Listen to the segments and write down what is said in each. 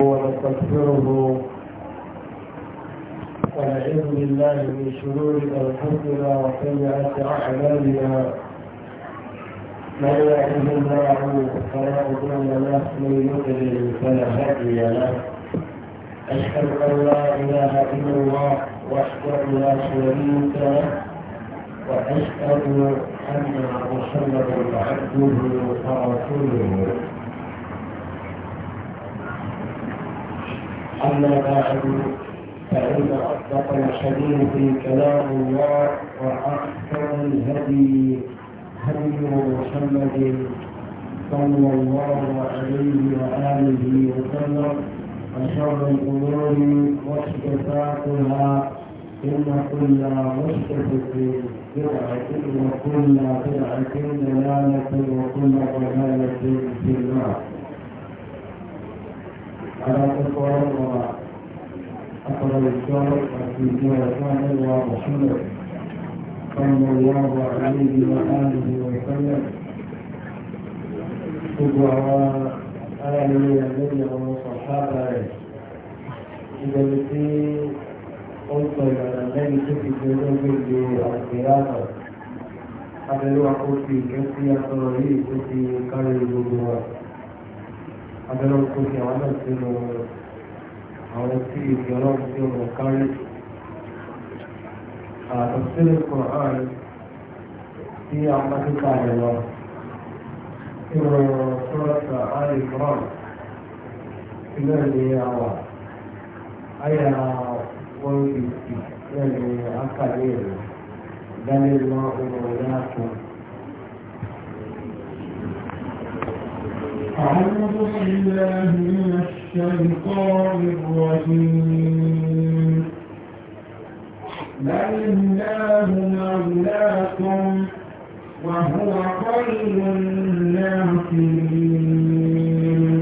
ونستغفره ونعوذ بالله من شرور انفسنا وسيئات اعمالنا من يهده الله فلا مضل له من يضلل فلا هادي له اشهد ان لا اله الا الله وحده لا شريك له واشهد ان محمدا عبده ورسوله أما بعد فإن أصدق الحديث كلام الله وأحسن الهدي هدي محمد صلى الله عليه وآله وسلم وشر الأمور محدثاتها إن كل محدثة بدعة وكل بدعة دلالة وكل ضلالة في النار alákọ̀ọ́kọ́ ọ̀rọ̀ akọ̀rọ̀ ìṣọ́ àti ìjọ ẹ̀fọ́ àríwá ọ̀ṣunlẹ̀ ọmọ ìwà ọ̀rọ̀ àlejò aláàlejò ìpẹ́lẹ̀ gbogbo àwọn ará ilé ẹgbẹ́ ọmọ sọ̀tàbà rẹ̀ ìbẹ̀rù tí ó ń sọ ìlànà lẹ́yìn tó ti jẹ́ lọ́gbẹ̀gbẹ̀ àgbéyàwó yìí tó ti kárí gbogbo wa abẹ́rẹ́ kó fi àwọn náà sínú àwọn tí ìfẹ́ ọlọ́run tí ó kárí. Àtọ̀sílẹ̀ Kùrán tí a máa ti ka rẹ̀ lọ. Ìrọ̀ Sọ́ọ̀tà Àlè Kùrán ilé ni àwà àyà wọ́n fi náà ni àkàlẹ̀ rẹ̀ dálé lọ́wọ́ ìrọ̀lẹ́ àkùnrin. أعوذ بالله من الشيطان الرجيم بل الله مولاكم وهو خير الناصرين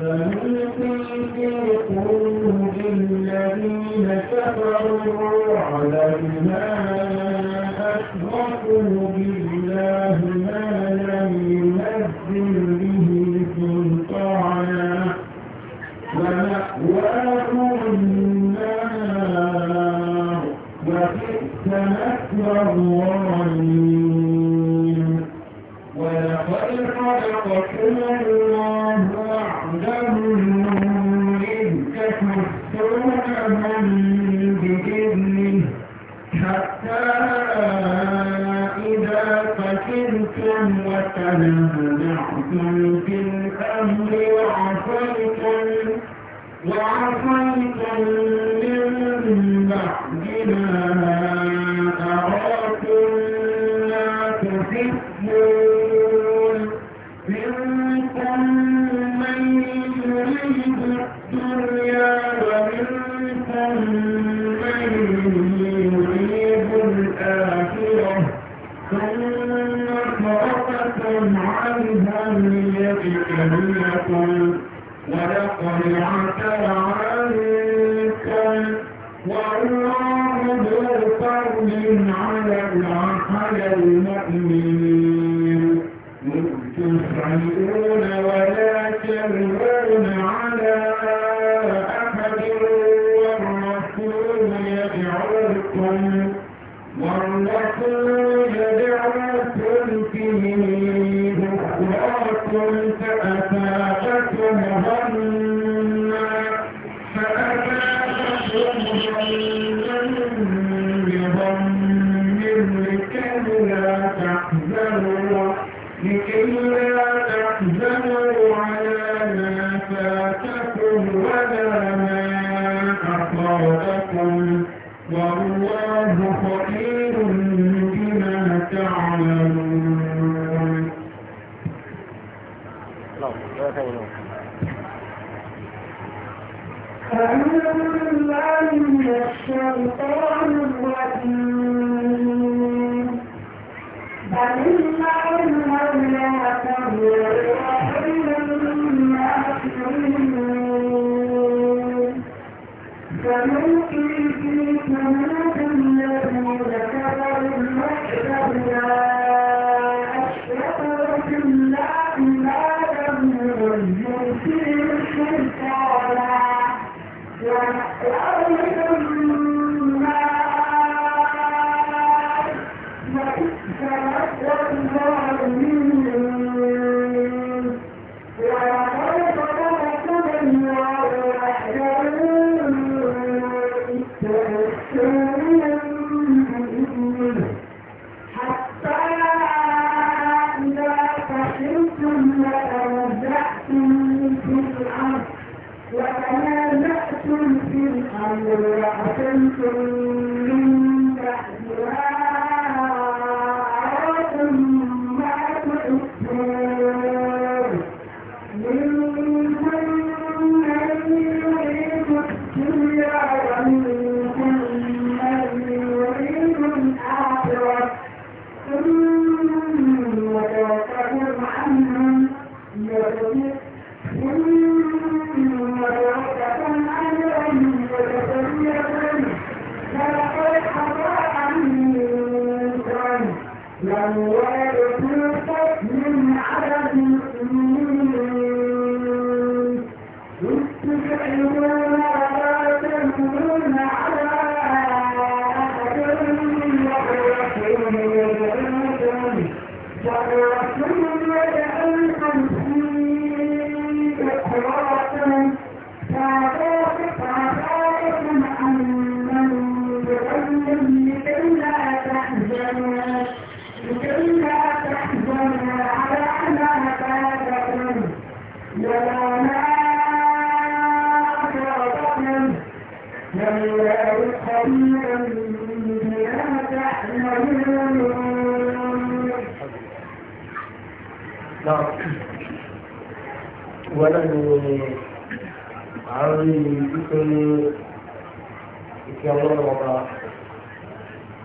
فملقي في قلوب الذين كفروا الرعب بما أشركوا بالله ما لم الظالمين ولقد خلقكم كلا تحزنوا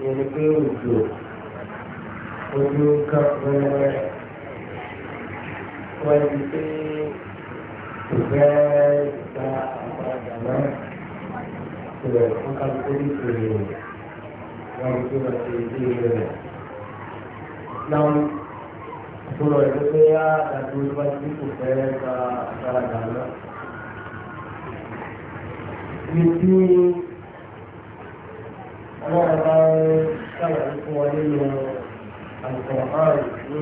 ìyẹn ni pé òjò ojú kan rẹ̀ wọ́n ti pé kò fẹ́ gba àwọn àgbà náà rẹ̀ fún kálukú ní ìpele rẹ̀ wọ́n ti pé wọ́n ti di ilé rẹ̀. Náà ìṣòro ẹ̀ ló pé á dàbí olúwájú kò fẹ́ gba àgbà náà ọlọ́run bá ń ṣàlàyé fún wa nínú àlùkọ̀ọ́rán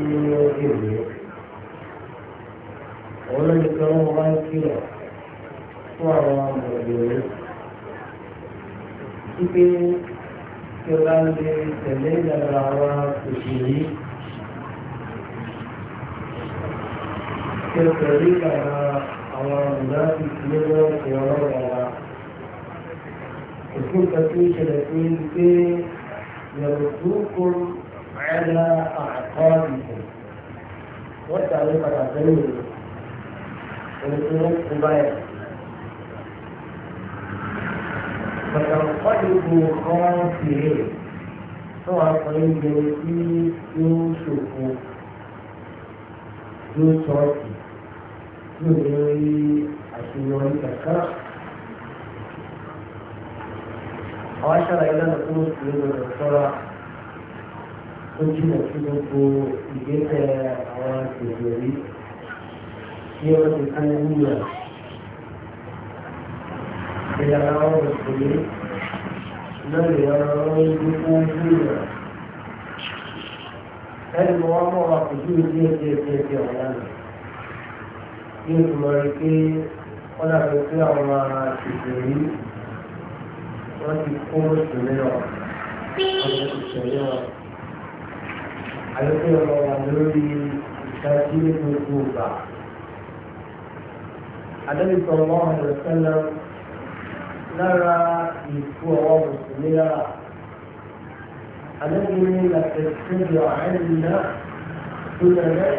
nínú ìwé òun ló ní kí wọ́n bá ń kìlọ̀ fún àwọn mọ̀lẹ́bí wípé kí o bá ń lè tẹ̀lé ìlànà àwọn òṣèré kí o tẹ̀lé ìlànà àwọn ìlànà ìpínlẹ̀ òfin nǹkan tí ó ṣẹlẹ̀ sí ní pé yẹ̀rù burúkú ẹ̀rọ àkọ́ ìbò wọ́n tàbí padà sẹ́yìn ẹni tí wọ́n kú báyìí. Bàtà ọ̀dùnkù kan fèrè tó wà pẹ̀lú ìgbẹ́ tí yóò ṣòfò yóò tọ́ọ̀tì yóò ní àṣeyọrí kankan. àwọn aṣáára ilé ọ̀nà tó ń fi ọ̀rọ̀ sọ́ra tó jìnà sí gbogbo ìgbésẹ̀ àwọn ìgbèrè rí tí wọ́n ti ká ní wúlò ìlànà àwọn òṣèlú náà lè rán àwọn ìgbésẹ̀ wúlò ẹni mọ wọn mọ wa kò ju ojú ẹgbẹ ẹgbẹ ẹgbẹ ọ̀la wọ́n ti kó ìṣẹ̀lẹ̀ ọ̀ ìṣẹ̀lẹ̀ ọ̀ àyẹ̀kọ́ ọ̀rọ̀ wà lórí ìṣáájú ní gbogbo ìgbà. Adébí sọ̀rọ̀ ọ̀hún ìṣẹ̀lẹ̀ lára ìfú ọwọ́ mùsùlùmí lára. Adébí ní ìlàkẹ́sìndì ọ̀hún ìlà tó lẹ̀lẹ́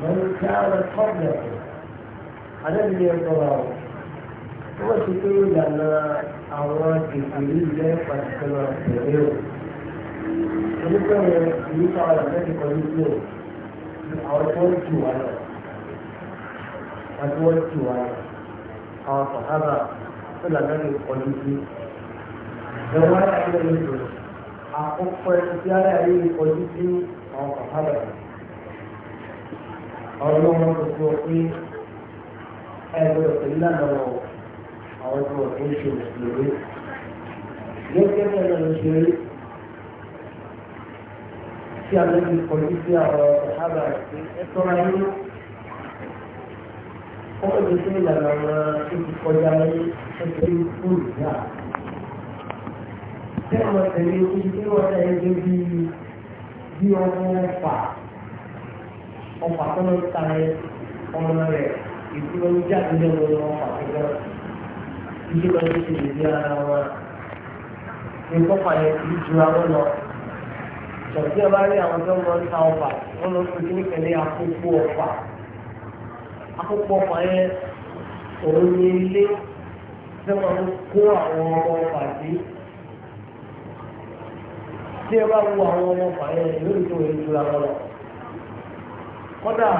wọ́n kí á rẹ̀ kọ́ọ̀dẹ̀. Adébí ní ẹ̀kọ́ rà ó. Wọ́n ti pé ìlànà àwọn ìpìlẹ̀ ilẹ̀ pàtàkìlọ ìrẹ̀ o. Onípẹ̀rẹ̀ ìlú káwọn àtẹ́kì kan ní ìlú àwọn tó ń jù wá lọ. Àti wọ́n jù wá lọ. Àwọn sàhábà tó làgbẹ́ni kọjú sí. Ìjọba ayé ìlú àkọ́kọ́ ẹni tí ara ayé kọjú sí àwọn sàhábà. ọlọ́run tó sọ pé ẹgbẹ́ òṣèlú náà lọ́wọ́ àwọn tí wọ́n tó ń ṣe mùsùlùmí gẹ́gẹ́ bẹ́ẹ̀ náà ló ṣe rí tí a lóye kọjú sí àwọn ọ̀hábà ẹ̀tọ́ ayé wọ́n ti ṣe ìlànà àwọn tó ti kọjá ayé ẹgbẹ́ fún ìyá tẹ́wọ̀n tẹ̀lé ojú tí wọ́n tẹ̀lé débi bí ọmọ ọ̀fà ọ̀fà tó ń ta ọmọ rẹ̀ ìdúró jáde lẹ́nu ọ̀fà ilé lọ sí ti lè ara wọn ní kọ́kọ́ yẹn ju àwọn lọ ìjọ̀sí ọba rí àwọn tó ń lọ ta ọfà wọn lọ sí kí nìkan ní àkókò ọfà àkókò ọfà yẹn òun ní ilé tí wọn kó àwọn ọmọ ọfà sí tí ẹ bá wo àwọn ọmọ ọfà yẹn yóò tó èyí ju àwọn lọ kódà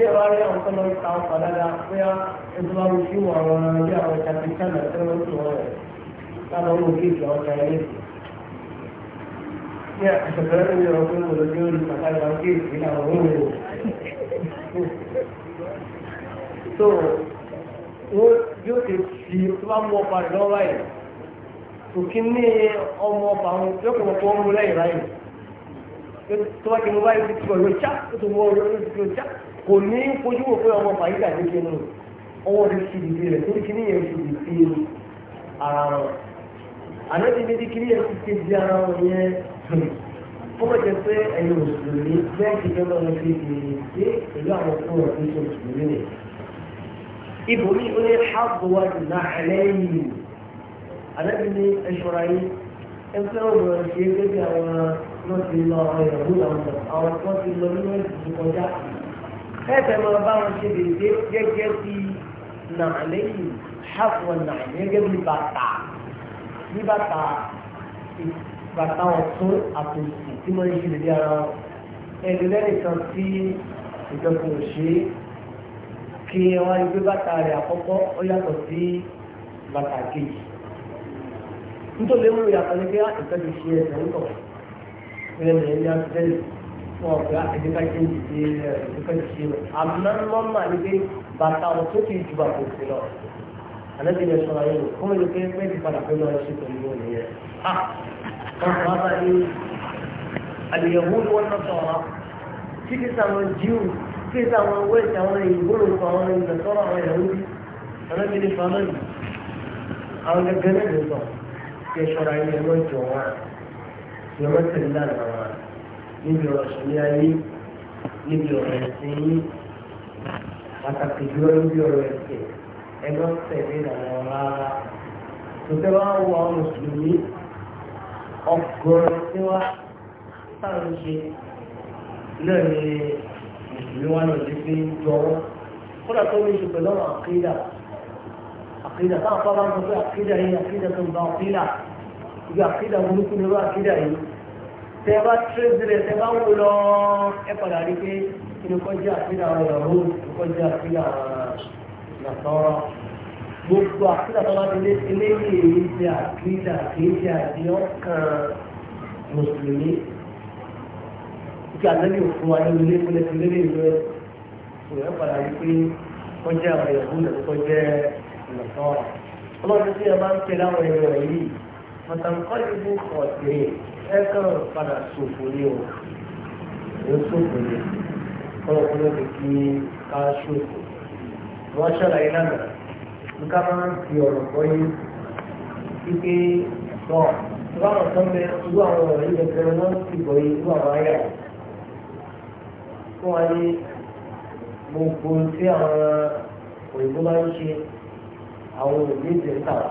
tí ẹ bá rí àwọn tó lọ ta ọkọ̀ dáadáa bóyá ẹgbẹ́ bá wọ́n fún àwọn ilé àwọn ìtàkìtàn àti ẹgbẹ́ tó wọ́n rẹ̀ lábọ̀ wọn kí ìjọ ọjà ilé. ní àṣẹ̀fẹ́ ní ọ̀rọ̀ pé mo lọ sí orí bàtà ìgbà kí èsì ní àwọn òun rẹ̀. tó wọ́n yóò ti fi tó bá mú ọkọ̀ rẹ̀ lọ́wọ́ báyìí òkè ní ọmọ ọkọ̀ àwọn yóò kọ̀ ọkọ̀ ọmọ lẹ́yìn báyìí tó bá ti mú báyìí ti tì kò ní fojú wò pé ọmọ fàyíkà ní kí ni ọwọ́ rẹ̀ ṣì dìde rẹ̀ torí kí ni yẹn ṣì dìde ara wọn ànábi ní kí ni yẹn ṣì ṣe di ara wọn yẹn fún ọjọ́ pé ẹ̀yin mùsùlùmí bẹ́ẹ̀ ti fẹ́ lọ́wọ́ fi di ṣé ìlú àwọn fún wọn tó ṣe mùsùlùmí nì ibòmí ó ní hábùwájú náà ẹlẹ́yìn ànábi ní ẹ̀ṣọ́ra yìí ẹgbẹ́ ọ̀rọ̀ ṣe é gẹ́gẹ́ àwọn wọ́n ti lọ àwọn ìyàwó àwọn àwọn ti lọ nínú ẹ̀sìn kọjá ẹ̀fẹ̀ máa bá wọn ṣe dèdè gẹ́gẹ́ bí nàlẹ́yìn ṣàfùwọ̀n nàlẹ́ gẹ́gẹ́ bí bàtà ní bàtà bàtà ọ̀tún àtòsí tí wọ́n ń ṣe dèdè ara ẹni lẹ́nìkan tí ìjọba ò ṣe kí wọ́n rí pé bàtà rẹ̀ àkọ́kọ́ ó yàtọ̀ sí bàtà kejì nítorí mú ìyàtọ̀ ní pé àtẹ̀tẹ̀ ah, ti ṣe ẹ̀sẹ̀ ń tọ̀ ẹ̀rẹ̀ ẹ̀yà tẹ́lẹ̀ wọn fi àdìgbà ṣe ń dìde ìdúpẹ́ ṣe rẹ̀ àmọ́ nọ́mà ni pé bàtà ọ̀rọ̀ tó kì í ju bàtà òfin lọ àlejò ilẹ̀ sọ̀rọ̀ yẹn kó mi lè pé pé ti padà pé lọ́ọ́ ṣe pẹ̀lú òun yẹn a wọn kò bá ní àlèyẹ̀wò ni wọ́n tọ́ wa kí kí sàwọn jíù kí kí sàwọn wẹ́ẹ̀sì àwọn ìgbó lórúkọ àwọn ìgbà sọ́rọ̀ ilẹ̀ lọ́jọ́ wa yọ̀mọ́tẹ̀lẹ́ àná wa níbi ọ̀rọ̀ ìṣẹ̀lẹ̀ ayé níbi ọ̀rọ̀ ẹ̀sìn yín pàtàkì jùlọ níbi ọ̀rọ̀ ẹ̀sìn ẹgbẹ́ tẹ̀lé ìlànà rárá. Tòtẹ́ wá wọ àwọn mùsùlùmí ọgọ́rùn-ún tí wá sáàrùn ṣe náà ni mùsùlùmí wá lọ sí pé jọ̀wọ́. Kódà tó ní ṣe pẹ̀lú ọ̀rọ̀ àkídà. Àkídà táwọn bá sọ pé àkídà yìí àkídà tó ń bá ọ̀kídà. Ibi àkídà burúkú ni irú àkídà yìí tẹ bá tírèsì rẹ tẹ bá ń wò lọ ẹ padà rí pé inú kọjá àfihàn àwọn ìyàwó inú kọjá àfihàn nàtọ́rọ́ gbogbo àfihàn tó bá ti lé eléyìí èyí ti àfihàn kéjì àti ọkàn mùsùlùmí kí àlẹ́lẹ́ òfin wa ní ilé ìpínlẹ̀ ti lélẹ̀ ìlú ẹ̀ kò ẹ padà rí pé kọjá àwọn ìyàwó inú kọjá nàtọ́rọ́ ọlọ́run tí ẹ bá ń tẹ̀lé àwọn ìyàwó yìí mọ̀tàǹkọ́ ìbú kọ̀ọ̀tì ẹ kàn padà ṣòfò ní o ẹ ṣòfò ní kọ́lọ́kọ́lọ́ ti kí ká ṣòfò wọ́n ṣàlàyé lánàá nǹkan máa ń fi ọ̀rọ̀ kọ́ yé wípé tọ́ ìbáwọn kan bẹ irú àwọn ọ̀rọ̀ yìí lẹ́gbẹ̀rẹ̀ wọ́n ti bọ̀ yé irú àwọn ayà fún wa ní gbogbo tí àwọn òyìnbó máa ń ṣe àwọn òbí ìdè ń tà wá.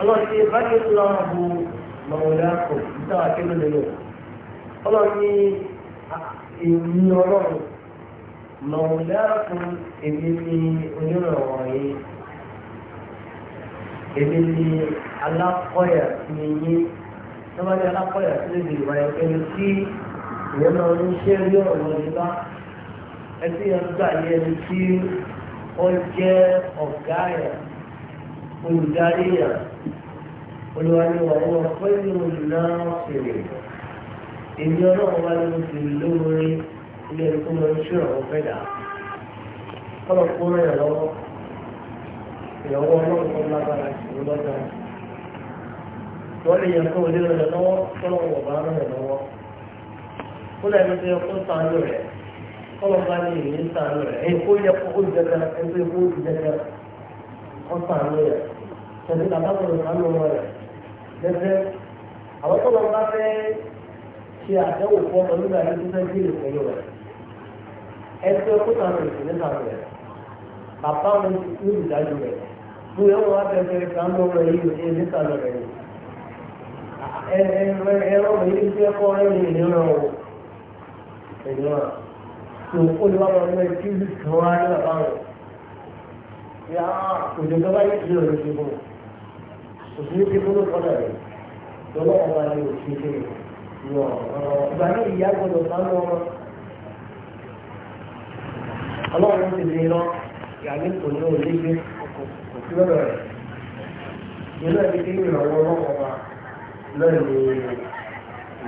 ọlọ́run ti báyìí ọlọ́run bu mọ̀wòlá kò níta akéwì lélẹ̀ ọlọ́run ní èmi ọlọ́run mọ̀wòlá kò èmi ní onírànwọ́ yìí èmi ní alákọ̀yà ní yín tọ́ba ní alákọ̀yà sí lè dìbò ayọ̀ ẹni tí ìyẹn máa ń ṣe rí ọ̀rọ̀ lọ́dún bá ẹtí yẹn gbà yẹn tí ó jẹ́ ọ̀gá yẹn olùdaríyà olùwàlúwà wọn pẹ́ ní olùdáṣẹ̀lẹ̀ èmi ọlọ́run wá ló ti lóore ilé ẹni tó máa ń ṣe àwọn fẹ́dà kọ́lọ̀ kó rẹ̀ lọ́wọ́ ìrànwọ́ ọlọ́run tó lágbára ìlú lọ́jà wọ́n lè yẹ kó olè rẹ̀ lọ́wọ́ kọ́lọ̀ wọ̀ bá rẹ̀ lọ́wọ́ ó dàbí pé kó sàánú rẹ̀ kọ́lọ̀ bá ní ìlú sàánú rẹ̀ èyí kó yẹ kó ó jẹ́ ẹgbẹ́ kó ó ọ̀sán àánú rẹ̀ tẹ̀lé bàbá sọ̀rọ̀ sánú ọmọ rẹ̀ lẹ́sẹ̀ àwọn tó lọ́n bá fẹ́ ṣe àtẹ̀wò fún ọmọ nígbà yìí tó fẹ́ jèrè pẹ̀lú rẹ̀ ẹsẹ̀ kó sánú rẹ̀ sí nípa rẹ̀ bàbá wọn ní ìdájú rẹ̀ tó yẹ wọn wá tẹ̀sẹ̀ sánú ọmọ yìí ní nípa rẹ̀ ni ẹ̀rọ mi ní fẹ́ kọ́ rẹ̀ ní ìlera o ìlera tó kó ní wàá wọn ní ẹ̀kí yà òjòjò báyìí ti rẹ̀ lóṣù fún òṣèlú ti fún lóṣọ̀dọ̀ rẹ̀ lọ́wọ́ ọba ni òṣèlú yọ ọ̀gbà náà ìyá gbọdọ̀ sánú ọmọ ọlọ́run ti lè lọ yàrá kò ní òlégbé kò sí lọ́dọ̀ rẹ̀ ìlú ẹ̀dí kí ìrànwọ́ ọlọ́wọ́ ọba lẹ́yìn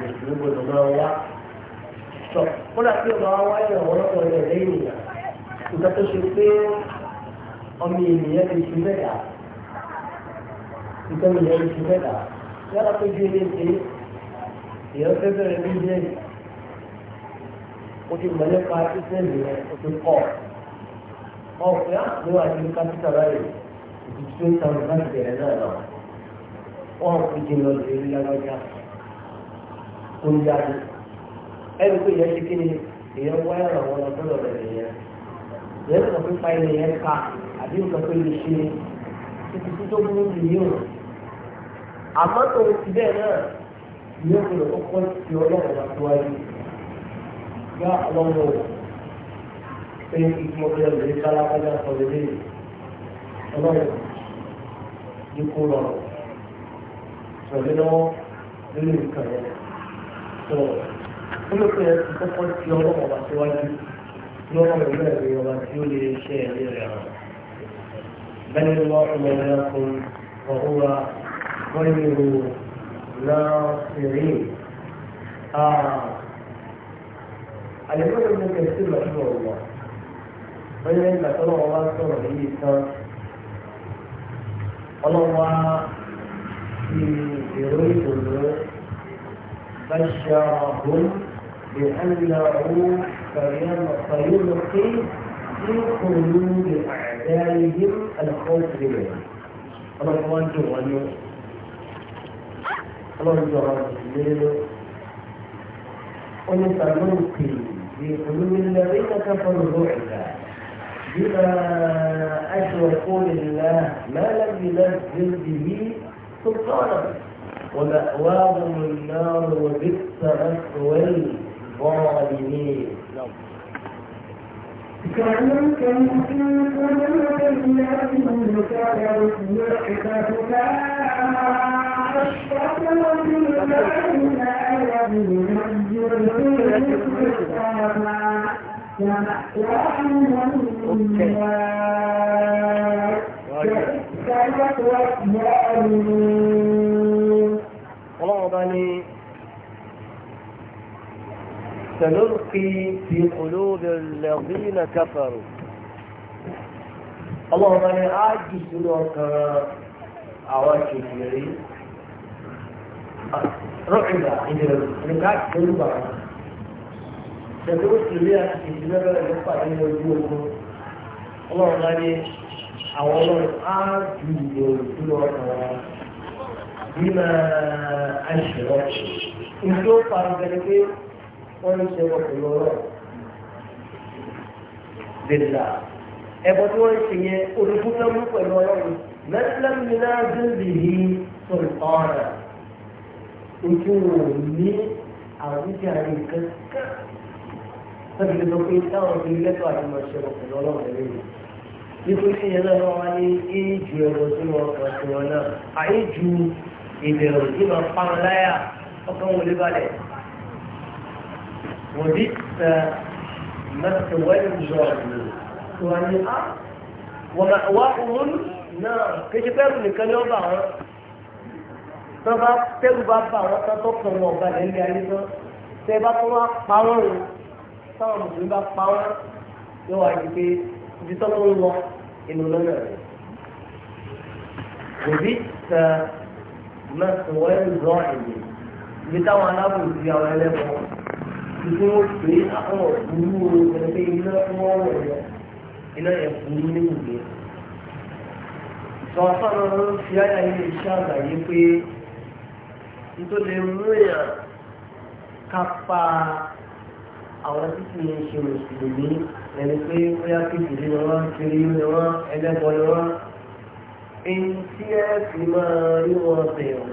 òṣèlú gbọdọ̀ máa wá sọ kódà tí ọba wá ìrànwọ́ ọlọ́wọ́ rẹ̀ lẹ́yìn ìgbà tó ṣe pé ọmọ ènìyàn ti ṣe mẹ́ta ìtọ́jú ènìyàn ti ṣe mẹ́ta yàrá tó ju ilé ṣe èèyàn fẹ́ bẹ̀rẹ̀ ní ilé o ti mọ̀ nípa ìṣẹ̀lẹ̀ rẹ̀ o ti kọ́ ọ̀pẹ́ àti ah, wà ní kápítà báyìí ìdíjú tó ń ta ọ̀rọ̀ láti bẹ̀rẹ̀ náà lọ wọ́n fi jìnnà lè rí lágbájá kó ń jáde ẹni tó yẹ kí ni èèyàn wáyà àwọn ọlọ́dọ̀ rẹ̀ nìyẹn yẹn sọ pé pa ilẹ̀ yẹn ká àbí nǹkan tó lè ṣe tuntun tó burú jù yìí o àmọ́ tó o ti bẹ́ẹ̀ náà yóò fi kọ́kọ́ ti ọlọ́run wá síwájú yá ọlọ́run o pé ìtumọ̀ bí ẹ̀rọ lè ká lápájá sọ lè lè ọlọ́run ní kó rọrùn sọ̀rọ̀ lọ́wọ́ lórí nǹkan yẹn sọ̀rọ̀ ó ló pé ẹ̀ ti kọ́kọ́ ti ọlọ́run wá síwájú lọ́wọ́ ìwé ẹ̀rí ọba tí ó lè ṣe ẹ̀rí rẹ̀ hàn. bẹ́ẹ̀ ni wọ́n fún ẹ̀rí ọkùn ọ̀húnra wọ́n ní ìrù náà fèrè. àlejò ìlú kẹsì lọ́sọ̀ ọ̀wọ́ wọ́n ní ẹ̀ka tó lọ́wọ́ wá sọ̀rọ̀ yìí tán. ọlọ́wọ́ ti èrò ìdòdó bá ṣe ààbò bí ẹ̀ńdínláwó. فيلقي في قلوب أعدائهم الخوف منه الله يواجه عنه الله يواجه عنه قل فنلقي في قلوب الذين كفروا الرعب بما أشركوا لله ما لم ينزل به سلطانا ومأواهم النار وبئس مثوى الظالمين كانوا كيسيكون الذين كانوا في عقبك أشركوا بالذين الذين يجرمون ومأواهم النار كذبت وأموالهم. الله سنلقي في قلوب الذين كفروا اللهم انا اعجز لك اواجه لي رعب عند الركعات كلها تدوس لي اكثر يقع الى الوجوه اللهم انا اولا اعجز لك بما اشرك ان توقع ذلك wọ́n ń ṣe ọ̀pọ̀lọ rẹ̀ bẹ̀rẹ̀ ẹ̀bọ̀ tí wọ́n ń ṣe yẹn olùkúnlẹ́mú pẹ̀lú ọlọ́run mẹ́tìlẹ́mìnà dùnbìhì sọ̀rọ̀ ojú wo ní àwùjáde kankan sọ́dọ̀ tó pé táwọn ti lẹ́tọ̀ àti mọ̀ṣẹ́ ọ̀pọ̀lọ ọlọ́run rẹ̀ nítorí ìyẹn náà wọ́n wá ní éèjù ẹ̀rọ sínú ọkàn tiwọn náà àìjù ìbẹ̀rù sínú apá ńláyà ọkàn wọlé balẹ̀ وبئس مثوى الظالمين وأن ومأواهم النار كجبر نكال يوضع tọ́ba tẹ́lu bá bá àwọn tọ́tọ́ kan wọ̀ ọ̀gá lẹ́nu ayé tán tẹ́ bá tó wá pa wọ́n o táwọn mùsùlùmí bá pa wọ́n yóò wá di pé ibi tọ́ ló ń lọ inú lọ́nà rẹ̀. òbí ta mẹ́sàn-án wọ́n ń rọ ẹ̀yìn ibi táwọn alábòsí àwọn ẹlẹ́wọ̀n ìdí wọn pè é àwọn òkúrú ẹgbẹ́ iná wọn wọ̀ lọ iná yẹn fún un ní ìwé. ìtàn afáàná ló ń fi àyà ilé iṣẹ́ àgbáyé pé nítorí mú èèyàn kápá àwọn títí ní ṣe mùsùlùmí ẹni pé bóyá kékeré ni wọ́n kiri ni wọ́n ẹlẹ́bọ̀ ni wọ́n èyí tí ẹ fi máa rí wọn bẹ̀rù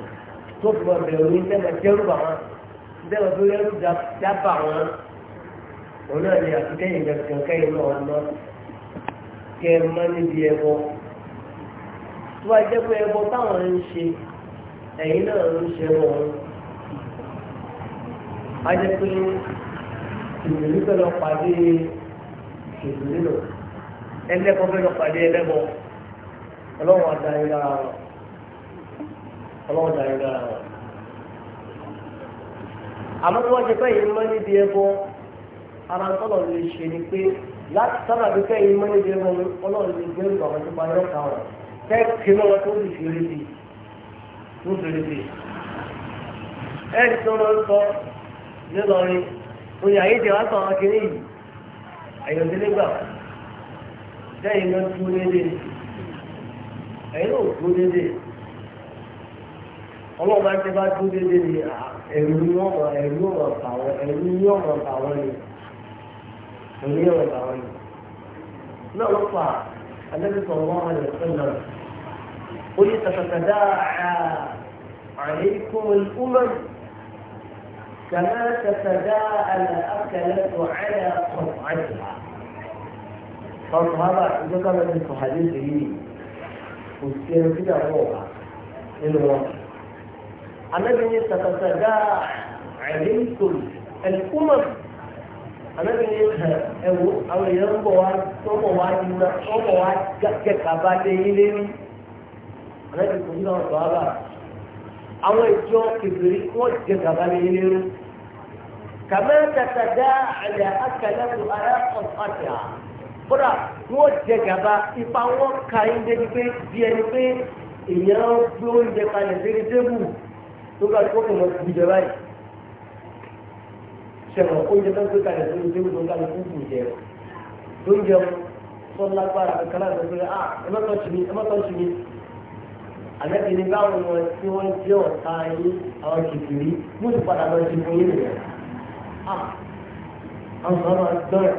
tó fi máa bẹ̀rù ní lẹ́gbẹ̀ẹ́ bẹ́ẹ̀ tó yẹ́rù dábà wọn òun náà ni àtúkẹ́yìn kankan kẹ́yìn náà lọ kẹ́ ẹ má níbi ẹbọ tó wá jẹ́ pé ẹbọ táwọn ń ṣe ẹ̀yìn náà ń ṣe ẹbọ wọn á jẹ́ pé ìrìnlẹ̀ fẹ́ lọ pàdé ìrìnlẹ̀ lọ ẹlẹ́kọ̀ọ́ fẹ́ lọ pàdé ẹlẹ́bọ ọlọ́run àdáyé lára wọn ọlọ́run àdáyé lára wọn àmọ́ tí wọ́n ṣe fẹ́ yìí mọ́ níbi ẹbọ ara tọ́lọ̀ lè ṣe ni pé láti sábà bí fẹ́ yìí mọ́ níbi ẹbọ ọlọ́run lè gbé ìgbà wọn tó pa ẹ̀rọ kan wọn fẹ́ kí ní wọn tó lè fi rí bi tó fi rí bi. ẹ̀rí tó lọ sọ nílọrin oyè àyèdè wa sọ àwọn kiri yìí àyọ̀délé gbà wá sẹ́yìn lọ dúró dédé ẹ̀yìn ò dúró dédé ọlọ́run bá ti bá dúró dédé ni àá. ẹ̀rú ọ̀rọ̀ ẹ̀rú ọ̀rọ̀ tàwọn ẹ̀rú ọ̀rọ̀ tàwọn ni ẹ̀rú ọ̀rọ̀ tàwọn ni. náà ló fà alẹ́bí sọ̀rọ̀ wọn rẹ̀ sọ̀nà ó yẹ tàkàtàdá عليكم الأمم كما تتداعى الأكلة على قطعتها طب هذا ذكر في حديثه والسير كده روعة الواقع النبي تتتداعى علمتم الأمم النبي أو أو يربوات صبوات صبوات ككبات إلين النبي كل يوم صلاة أو يجوا كبري كوت ككبات إلين كما تتداعى أكلة على قطعتها kódà wọn jẹ gàba ipa wọn ka ẹ ń débi pé bí ẹni pé èèyàn gbé oúnjẹ kalẹ̀ débi débù tó ká kó kò ti jẹ báyìí sẹ̀wọ̀n oúnjẹ tó ń gbé kalẹ̀ tó ń gbé gbogbo kalẹ̀ fún kù jẹ tó ń jẹun tó lágbára kankan láti sọ pé à ah, ẹ má tọ́jú mi ẹ má tọ́jú mi àlẹ́bí ni báwọn wọn tí wọ́n jẹ́ ọ̀tá yín àwọn kìkìrí mú ti padà lọ sí fún yín nìyẹn ah, àwọn sọ̀rọ̀ àgbọ̀rọ̀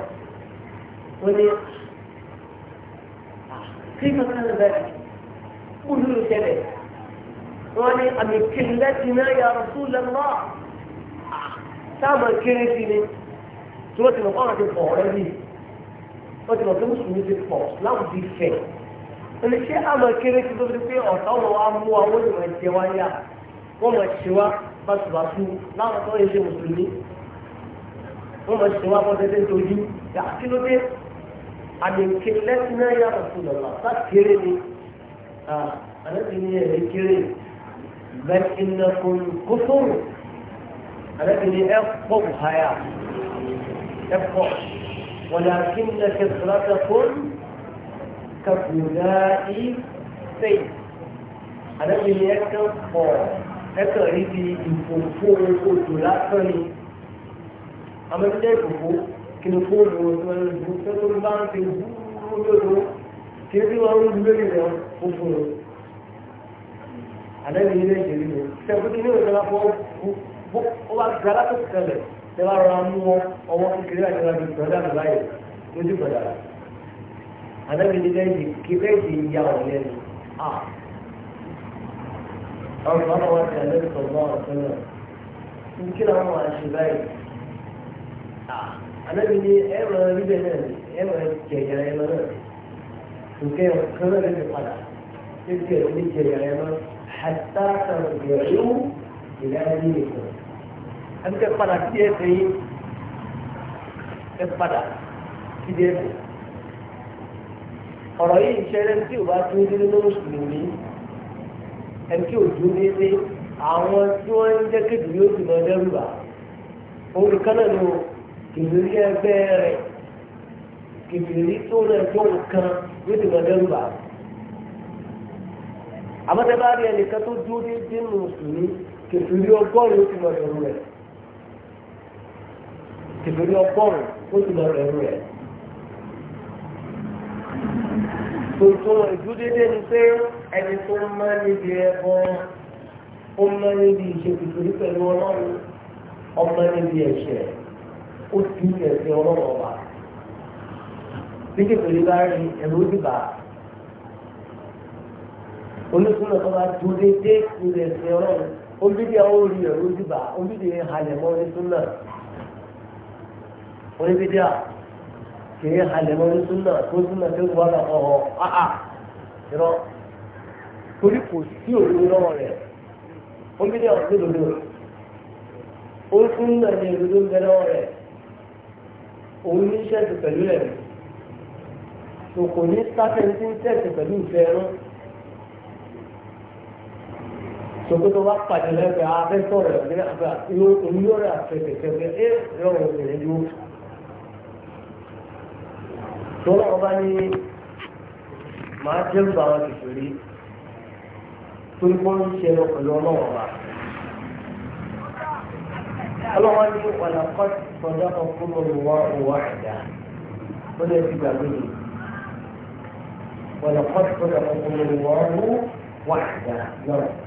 wọ́n ní ah, kí kankan bẹ̀rẹ̀ kúlù ṣẹlẹ̀ wọ́n ní àmì kìlẹ̀ ti náà ya Rasulullah sáàmà kéré sí ni tí wọ́n ti mọ̀ fáwọn ti pọ̀ ọ̀rẹ́ bí wọ́n ti mọ̀ pé mùsùlùmí ti pọ̀ láwọn ti fẹ̀ ẹni ṣé àmà kéré sí tó fi pé ọ̀tá ọmọ wa mú wa wọ́n ti mọ̀ ẹ̀jẹ̀ wa yá wọ́n mọ̀ ṣe wa báṣubàṣu láwọn tó ń ṣe mùsùlùmí wọ́n mọ̀ ṣe wa bọ́tẹ́tẹ́ dojú yà kí ló dé بل إنكم كثر ولكن ابقوا حياة ابقوا ولكن كثرتكم كبناء سيف أنا من يكن ẹ̀kàn rí bí ìfòfó oṣù lásán ni amẹ́tẹ́ ìfòfó kí ni fóònù ọ̀sán ẹ̀rọ ìfòfó tó bá ń fi gbúgbúrú lódò kí ni wọ́n ń lórí rẹ̀ fòfó rẹ̀ àlẹ́bí ilé ìṣèlú mi sẹ́kùn ní ìwé ìjọba fún ó bá ga látòkù kẹlẹ̀ ṣé wàá rọra mú wọn ọwọ́ kékeré àti ìjọba ìjọba ìjọba báyìí lójú padà àlẹ́bí ilé ìṣèlú ìyá ọ̀lẹ́ ni àwọn ìwà máa wá sí àlẹ́bí sọ̀rọ̀ ọ̀sẹ̀lẹ̀ ní kí làwọn máa ṣe báyìí àlẹ́bí ni ẹ̀rọ rí bẹ́ẹ̀ náà ẹ̀rọ jẹ̀yẹ̀rẹ̀ ẹ̀rọ náà nǹkan ẹ̀rọ kan náà lè padà ṣé kí ẹ̀rọ ní jẹ̀yẹ̀rẹ̀ ẹ̀rọ náà حتى ترجعوا إلى دينكم أنت قد أتيتي قد أتيتي ọ̀rọ̀ yìí ṣẹlẹ̀ tí ò bá tún dé nínú mùsùlùmí ẹni tí ò dún déédé àwọn tí wọ́n ń jẹ́ kébì yóò sì máa dẹ́rù bá orí kan náà ni o kìbìrí ẹgbẹ́ rẹ̀ kìbìrí tó rẹ̀ tó nǹkan yóò sì máa dẹ́rù bá àmọ́tẹ́ bá rí ẹnìkan tó dúró dé dínú mùsùlùmí kẹfìrí ọgọ́rùn-ún ó ti lọ rẹ̀ rẹ̀ kẹfìrí ọgọ́rùn-ún ó ti lọ rẹ̀ rẹ̀ tuntun ìdúdédé ni pé ẹni tó máa níbi ẹbọ ó máa níbi ìṣe kẹfìrí pẹ̀lú ọlọ́run ọmọ níbi ẹ̀ṣẹ̀ ó ti ẹ̀sìn ọlọ́run ọba bí kẹfìrí bá rí ẹ̀rú dìbà onísùnà tó bá dúró dédé ìrẹ̀ ẹ̀sìn ọlọ́run onídìí àwọn orí ẹ̀rọ ojúbà onídìí halẹ̀ mọ́ onísùnà onídìí à kìí halẹ̀ mọ́ onísùnà tó súnà tó wà lọ ọ̀họ̀ áhà irọ́ torí kò sí òru lọ́wọ́ rẹ̀ onídìí àwọn olódodo onísùnà ní òdodo ń lọ́wọ́ rẹ̀ òun ní sẹ́ẹ̀tì pẹ̀lú rẹ̀ kò ní sáfẹ́ ní sẹ́ẹ̀tì pẹ̀lú ìfẹ́ rún tòkótó wá pàdé lẹ́fẹ̀ẹ́ abẹ́ sọ̀rọ̀ ẹ̀gbẹ́ àgbà oníyó rẹ̀ àfẹ̀fẹ̀fẹ̀ ẹ̀ rọrùn òkèlè yóò. tọ́lá ọba ní màá dẹ́rù bá wọn kìfì rí torí wọ́n ń ṣe lọ pẹ̀lú ọlọ́wọ́n wa. ọlọ́wọ́n ní wàlá kọ́tù sọ̀dá ọkùnrin wọn wà ẹ̀dá ó lè fi gbàgbé yìí wàlá kọ́tù sọ̀dá ọkùnrin wọn wà ẹ̀dá lọ́rùn.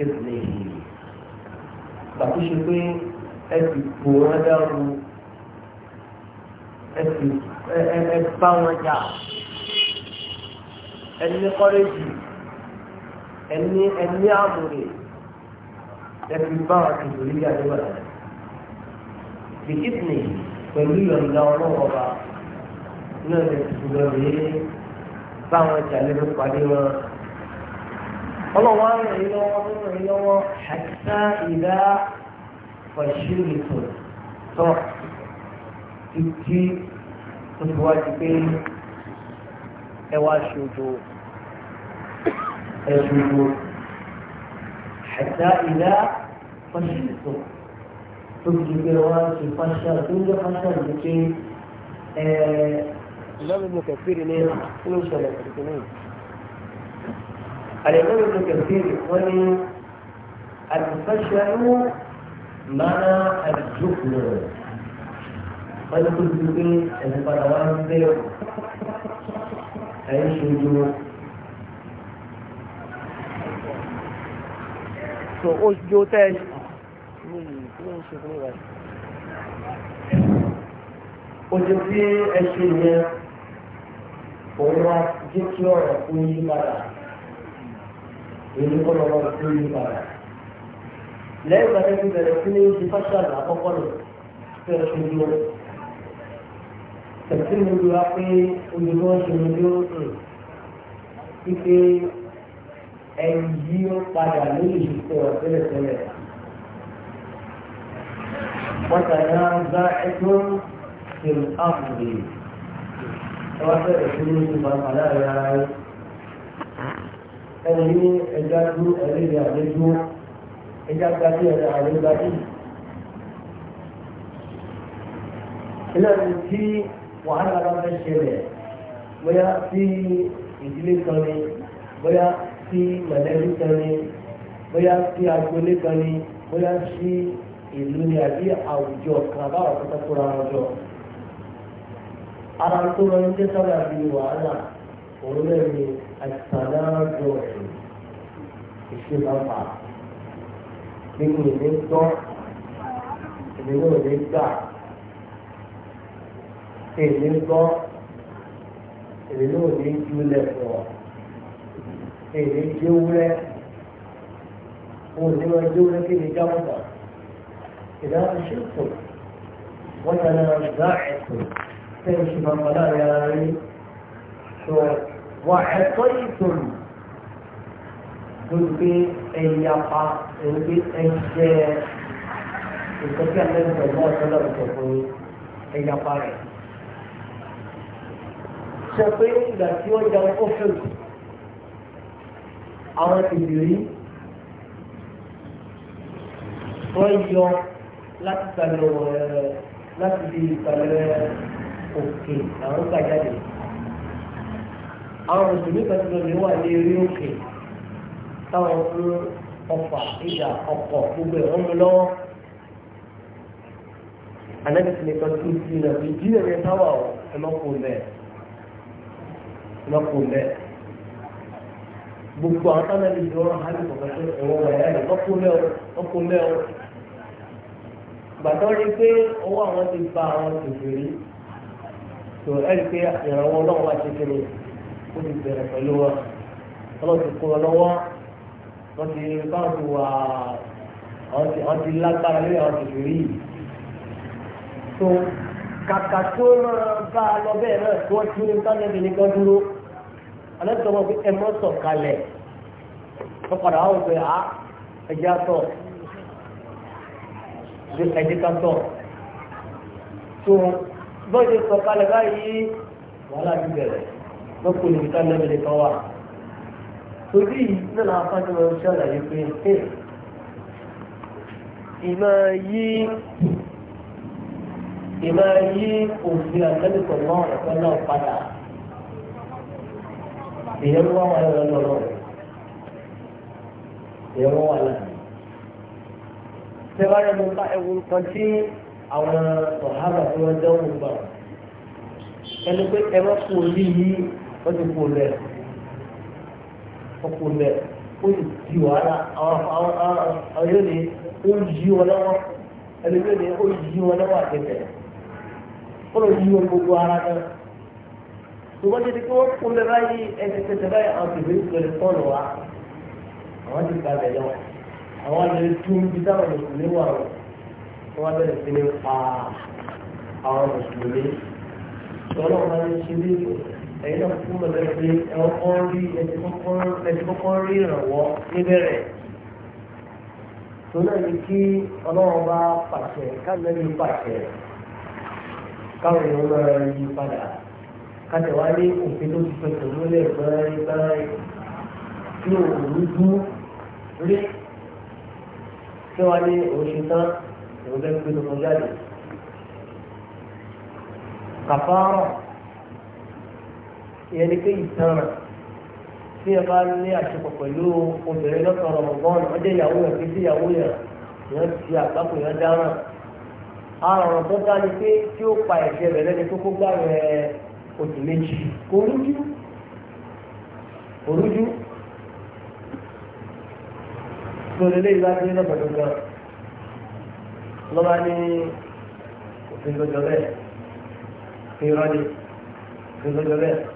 ìrìnlẹ̀ yìí bàtú ṣe pé ẹ ti kó wọn dárú ẹ ti ẹ bá wọn jà ẹni ní kọ́lẹ́jì ẹni ẹni àmúre ẹ ti bá wọn ti lórí ìyá nígbà náà bìkítìnì pẹ̀lú ìyọ̀ǹda ọlọ́wọ́ bá náà lè ti gbọ́dọ̀ yé báwọn jà lẹ́nu pàdé wọn. ọlọ́wọ́ rìn yín lọ́wọ́ rìn yín lọ́wọ́ àtà ìdá fọ̀ṣúlùtò tọ́ títí tó fi wá di pé ẹ wá ṣojo ẹ ṣojo àtà ìdá fọ̀ṣúlùtò tó fi di pé wá ṣe fáṣà tó ń jẹ́ fáṣà ló pé ẹ. ìlànà ìmọ̀ kẹfìrì ni kí ló ń ṣẹlẹ̀ pẹ̀lú kìnìún. الإمام ابن كثير يقول الفشل مع الجبن قد كنت في الفروان أي شجون so ojo tẹ ojo yẹn òun wá jẹ́ kí ọ̀rọ̀ kú yí padà èyí kọ́ lọ́wọ́ tó yí padà. lẹ́yìn ìgbà tẹ́lẹ̀ bẹ̀rẹ̀ sí ní ti fásitì àkọ́kọ́ rẹ̀ fẹ́rẹ̀ tó dúró. tẹ̀sí mi lura pé olùkọ́ ṣe mi ló ń pípé ẹ̀yìn yí ó padà lórí ìṣòro ọ̀tẹ́lẹ̀ tẹ́lẹ̀. wọ́n tàyà bá ẹgbẹ́ ìlú àbúrò. ẹ wá fẹ́rẹ̀ sí ní ti ara yín ẹni ní ẹja dú ẹni ní àlejò ẹja gba sí ẹni àlejò yìí. iná ní tí wàhálà bá fẹ́ ṣẹlẹ̀ bóyá sí ìdílé kan ni bóyá sí mọ̀lẹ́bí kan ni bóyá sí agboolé kan ni bóyá sí ìlú ni àbí àwùjọ kan àbáwọ̀ tó tẹ́ kóra ara tó lọ ní jẹ́ sábà wàhálà òun náà ni àtàlájọ ìṣèlọ́pà nínú ìní tọ́ ìnínú ìní gbà ìní gbọ́ ìnínú ìní júlẹ̀ pọ̀ ìní jẹ́wúrẹ́ òní máa jẹ́wúrẹ́ kí ni jáwọ́dà ìdáhùn ṣètò wọ́n yàrá ìdáhùn ẹ̀kọ́ tẹ́ ìṣèlọ́pà láàrin ara rí sọ ẹ̀kọ́ wà ẹ̀tọ́ ìtòlù gbogbo ẹ̀yàpá ẹ̀gbẹ́ ẹ̀jẹ̀ nǹkan tí a lẹ́nu pẹ̀lú ọ̀sán lọ́wọ́ sọ fún ẹ̀yàpá rẹ̀. sọ pé ìgbà tí wọ́n jẹun ó fèrè àwọn ìbìrí wọ́n yọ láti sàlẹ̀ láti di ìsàlẹ̀ òkè àwọn gbàjáde àwọn mùsùlùmí kan ti lòdì wà ní eré òkè táwọn ń ọfà ìjà ọkọ̀ gbogbo ẹ̀ wọ́n mú lọ́wọ́ anabi ti nìkan tó ti nà bí jíjẹ rẹ táwà ọ ẹ má kó lẹ ẹ má kó lẹ gbogbo àwọn táwọn ẹni jọ ọ̀rọ̀ hàn kọkàn tó ẹwọn wà yára má kó lẹ ọ má kó lẹ ọ gbàtọ́ rí pé ọwọ́ àwọn ti ba àwọn tòṣèlú tó ẹ rí pé ìrànwọ́ náà wà ṣe kéré ó ti bẹ̀rẹ̀ pẹ̀lú wa ọlọ́run ti kó wa lọ́wọ́ wọ́n ti báwọn ti wà wọ́n ti lágbára lórí àwọn tòṣù rí yìí. tó kàkà tó máa bá a lọ bẹ́ẹ̀ náà tí wọ́n ti ní sálẹ̀bì ní kan dúró alẹ́ tó wọ́n fi ẹmọ́ sọ̀ kalẹ̀ wọ́n padà wọ́n pé a ah, ẹ̀jẹ̀ àtọ̀ ẹ̀jẹ̀ kan tó bọ́ọ̀dù sọ̀ kalẹ̀ báyìí wàhálà ti bẹ̀rẹ̀ mọ́kò ní ìta lẹ́mẹ̀lẹ́ kan wà. torí náà la fájú wọn ṣàlàyé pé ìmọ̀ yí ìmọ̀ yí òfin àtẹ́lẹ̀kọ̀ náà ẹ̀kọ́ náà padà ìyẹn wọ́n wà lọ́wọ́ lọ́wọ́ ìyẹn wọ́n wà lọ́wọ́ tẹ́wárí mo bá ẹwu nǹkan tí àwọn ọ̀hábà tí wọ́n dánwò gbà ẹni pé ẹ má kú orí yìí wọ́n ti kú lẹ̀ ọkù lẹ̀ ó sì di wàhálà àwọn yóò ní ó yí wọn lọ́wọ́ ẹni yóò ní ó yí wọn lọ́wọ́ àtẹ̀tẹ̀ ó lọ yí wọn gbogbo ara náà ṣùgbọ́n títí kí wọ́n kú lẹ̀ báyìí ẹsẹ̀ tẹ̀tẹ̀ báyìí àwọn tèmi ń pèlè fọ́ọ̀nù wa àwọn ti gba bẹ̀ lọ́wọ́ àwọn àlejò tún bí táwọn mùsùlùmí wà wọ́n wọ́n bẹ̀rẹ̀ sí ní pa àwọn mùsùlùmí tọ́lọ́ máa ń ṣe bí ìgbòho ẹ̀yìn náà fún bàbá rẹ̀ pé ẹ̀kọ́ rí ẹ̀sìn kọ́kọ́ rí ìrànwọ́ níbẹ̀rẹ̀ tó náà ní kí ọlọ́run bá pàṣẹ káàmì ẹni pàṣẹ káwọn èèyàn máa yí padà kájà wá ní òfin tó ti fẹsẹ̀ múlẹ̀ báyìí báyìí tí òun dú rí tí wọ́n ní òun ṣe tán òun fẹ́ gbé tuntun jáde kàfárọ̀ ìyẹn ni pé ìtanràn tí ẹ bá ní àṣepọ̀ pẹ̀lú obìnrin lọ́sàn rọmọgbọ́n ọjọ́ ìyàwó rẹ̀ fi sí ìyàwó rẹ̀ ìyẹn ti àgbákò yẹn dáràn àrùn tó dá ni pé tí ó pa ẹ̀jẹ̀ rẹ̀ lẹ́ni tó kó gbà rẹ̀ oṣù méjì kò rújú kò rújú tó lè léyìí bá dé lọ́ba ní òfin lọ́jọ́ bẹ́ẹ̀ fi òfin lọ́jọ́ bẹ́ẹ̀.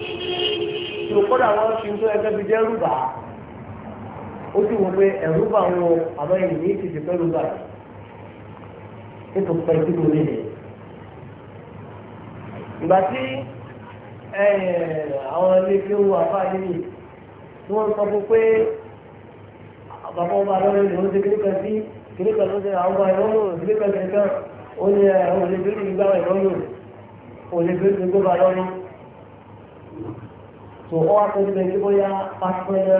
so kọ́dà wọn fi ń tó ẹgbẹ́ fi jẹ́ rúbà ó sì wọ́n pé ẹ̀rú bá wọn àmọ́ ẹ̀yìn ní ti ti pẹ́ rúbà nítorí pẹ́ kí ló lé lẹ̀. ìgbà tí àwọn ilé kí ó wà fáyé yìí tí wọ́n sọ fún pé bàbá ọba lọ́rẹ́ ló ń ṣe kíní kan sí kíní kan ló àwọn ọba ìrọ́lò kíní kan kẹ̀kẹ́ ó ní ẹ̀ òun lè bẹ́ẹ̀ ní gbàgbà ìrọ́lò òun lè tó ọ wá tó níbẹ̀ kí bóyá pásítọ́nà